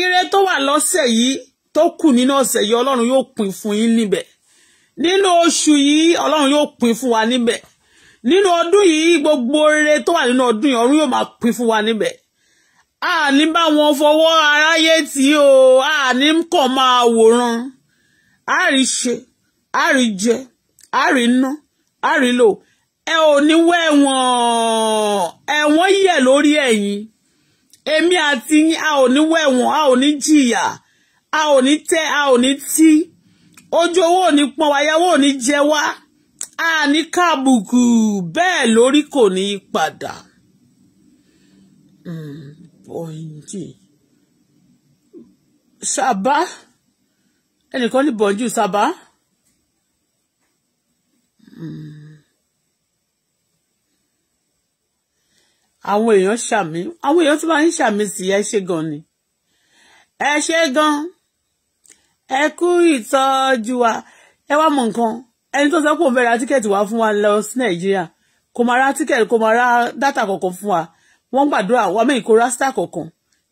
ire tó wà lọsẹ yìí tó kù nínú ọ̀sẹ̀ yìí ọlọ́run yóò pín fún yín níbẹ̀ nínú oṣù yìí ọlọ́run yóò pín fún wa níbẹ̀ nínú ọdún yìí gbogbo rere tó wà nínú ọdún yìí ọ̀run yóò máa pín fún wa níbẹ̀ a ní fọwọ́ aráyé tí o a kàn máa wòran a ṣe a jẹ a ná a lò ẹ ò ní wẹ́ ẹ̀wọ̀n ẹ̀wọ̀n yẹ̀ lórí ẹ̀yin èmi àti yín a ò ní wẹ́ ẹ̀wọ̀n a ò ní jìyà a ò ní tẹ́ a ò ní tí ojú owó ò ní pọ́n wa yàwó ò ní jẹ wá a ní káàbùkù bẹ́ẹ̀ lórí kò ní í padà. Hmm, bọ́ǹjì sábà ẹnìkan ní bọ́ǹjì sábà. Hmm. àwọn èèyàn ṣàmì àwọn èèyàn tí wọ́n ń ṣàmì sí ẹ ṣe gan ni ẹ ṣe gan ẹ kú ìtọ́jú wa ẹ wá mọ nǹkan ẹni tó sọ pé òun fẹ́ ra tíkẹ́ẹ̀tì wá fún wa lọ sí nàìjíríà kò máa ra tíkẹ́ẹ̀tì kò máa ra dátà kankan fún wa wọ́n gbàdúrà wa mẹ́yìn kó rásítà kankan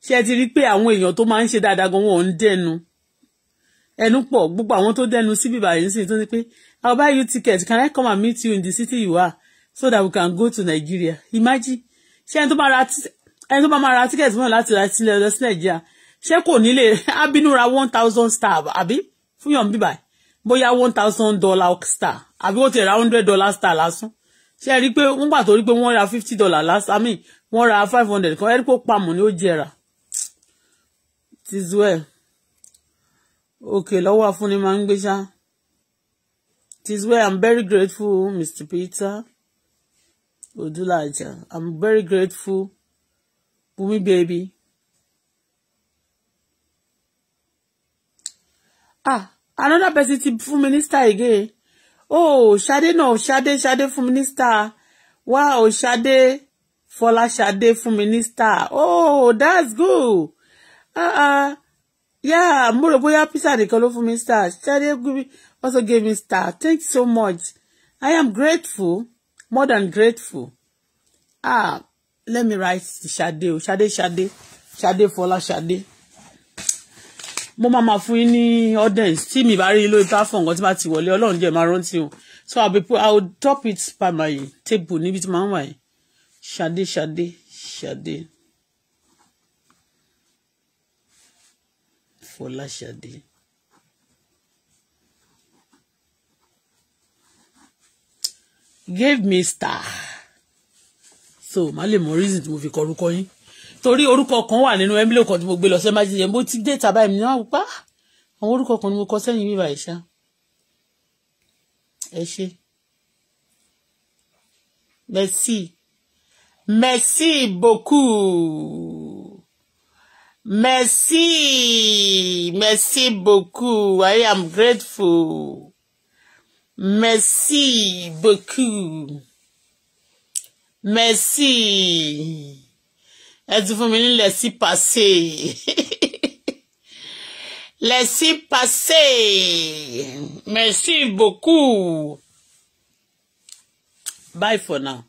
ṣé ẹ ti rí i pé àwọn èèyàn tó máa ń ṣe dáadáa gan wọn ò ń dẹnu ẹnu pọ̀ gbogbo àwọn tó dẹnu sí bíbá yìí sì tó ní pé I will buy you ticket can I come and meet you in the city you are so that we can go to Nigeria imagine ṣé ẹni tó máa ra ẹni tó máa ra ticket mọ́ láti ra sílẹ̀ lọ sí Nàìjíríà ṣé kò nílé abinura one thousand star àbí fún yàn bíbà bóyá one thousand dollar star àbí ó ti ra hundred dollar star lásán ṣe rí i pé wọ́n gbà tó rí i pé wọ́n ra fifty dollar lásán àmì wọ́n ra five hundred kan ẹ̀rí pé ó pamọ́ ni ó jẹrà tizuel okay lọ́wọ́ afúnni máa ń gbé ṣá tizuel i'm very grateful mr peter odulaja i'm very grateful bumi baby ah another person ti fún minister again oh shade no shade shade fún minister wá wow, o Ṣadé shade fún minister oh that's good ah uh -uh. yeah mo rò bóyá pizza nìkan ló fún minister Ṣadé also gave me star thanks so much I am grateful more than grateful ah let me write shade, shade, o shade for Ṣadé shade mo máa máa fún yín ní audience tí mi bá rí ilé platform kan tí bá ti wọlé ọlọ́run jẹ́ máa rántí o so i will drop it by my table níbi tí màá ń wà yìí ṣadé ṣadé ṣadé fọlá ṣadé. gave me star so màá lè mọ reason tí mo fi kọ orúkọ yín torí orúkọ kan wà nínú emily kan tí mo gbé lọ sí emergency yẹn mo ti dé tàbá ẹ̀mí náà pa àwọn orúkọ kan ni mo kọ sẹ́yìn bíbá ìṣá ẹ ṣe merci merci beaucoup. Merci, merci beaucoup. I am grateful. Merci beaucoup. Merci. Elle dit, vous me laissez passer. laissez passer. Merci beaucoup. Bye for now.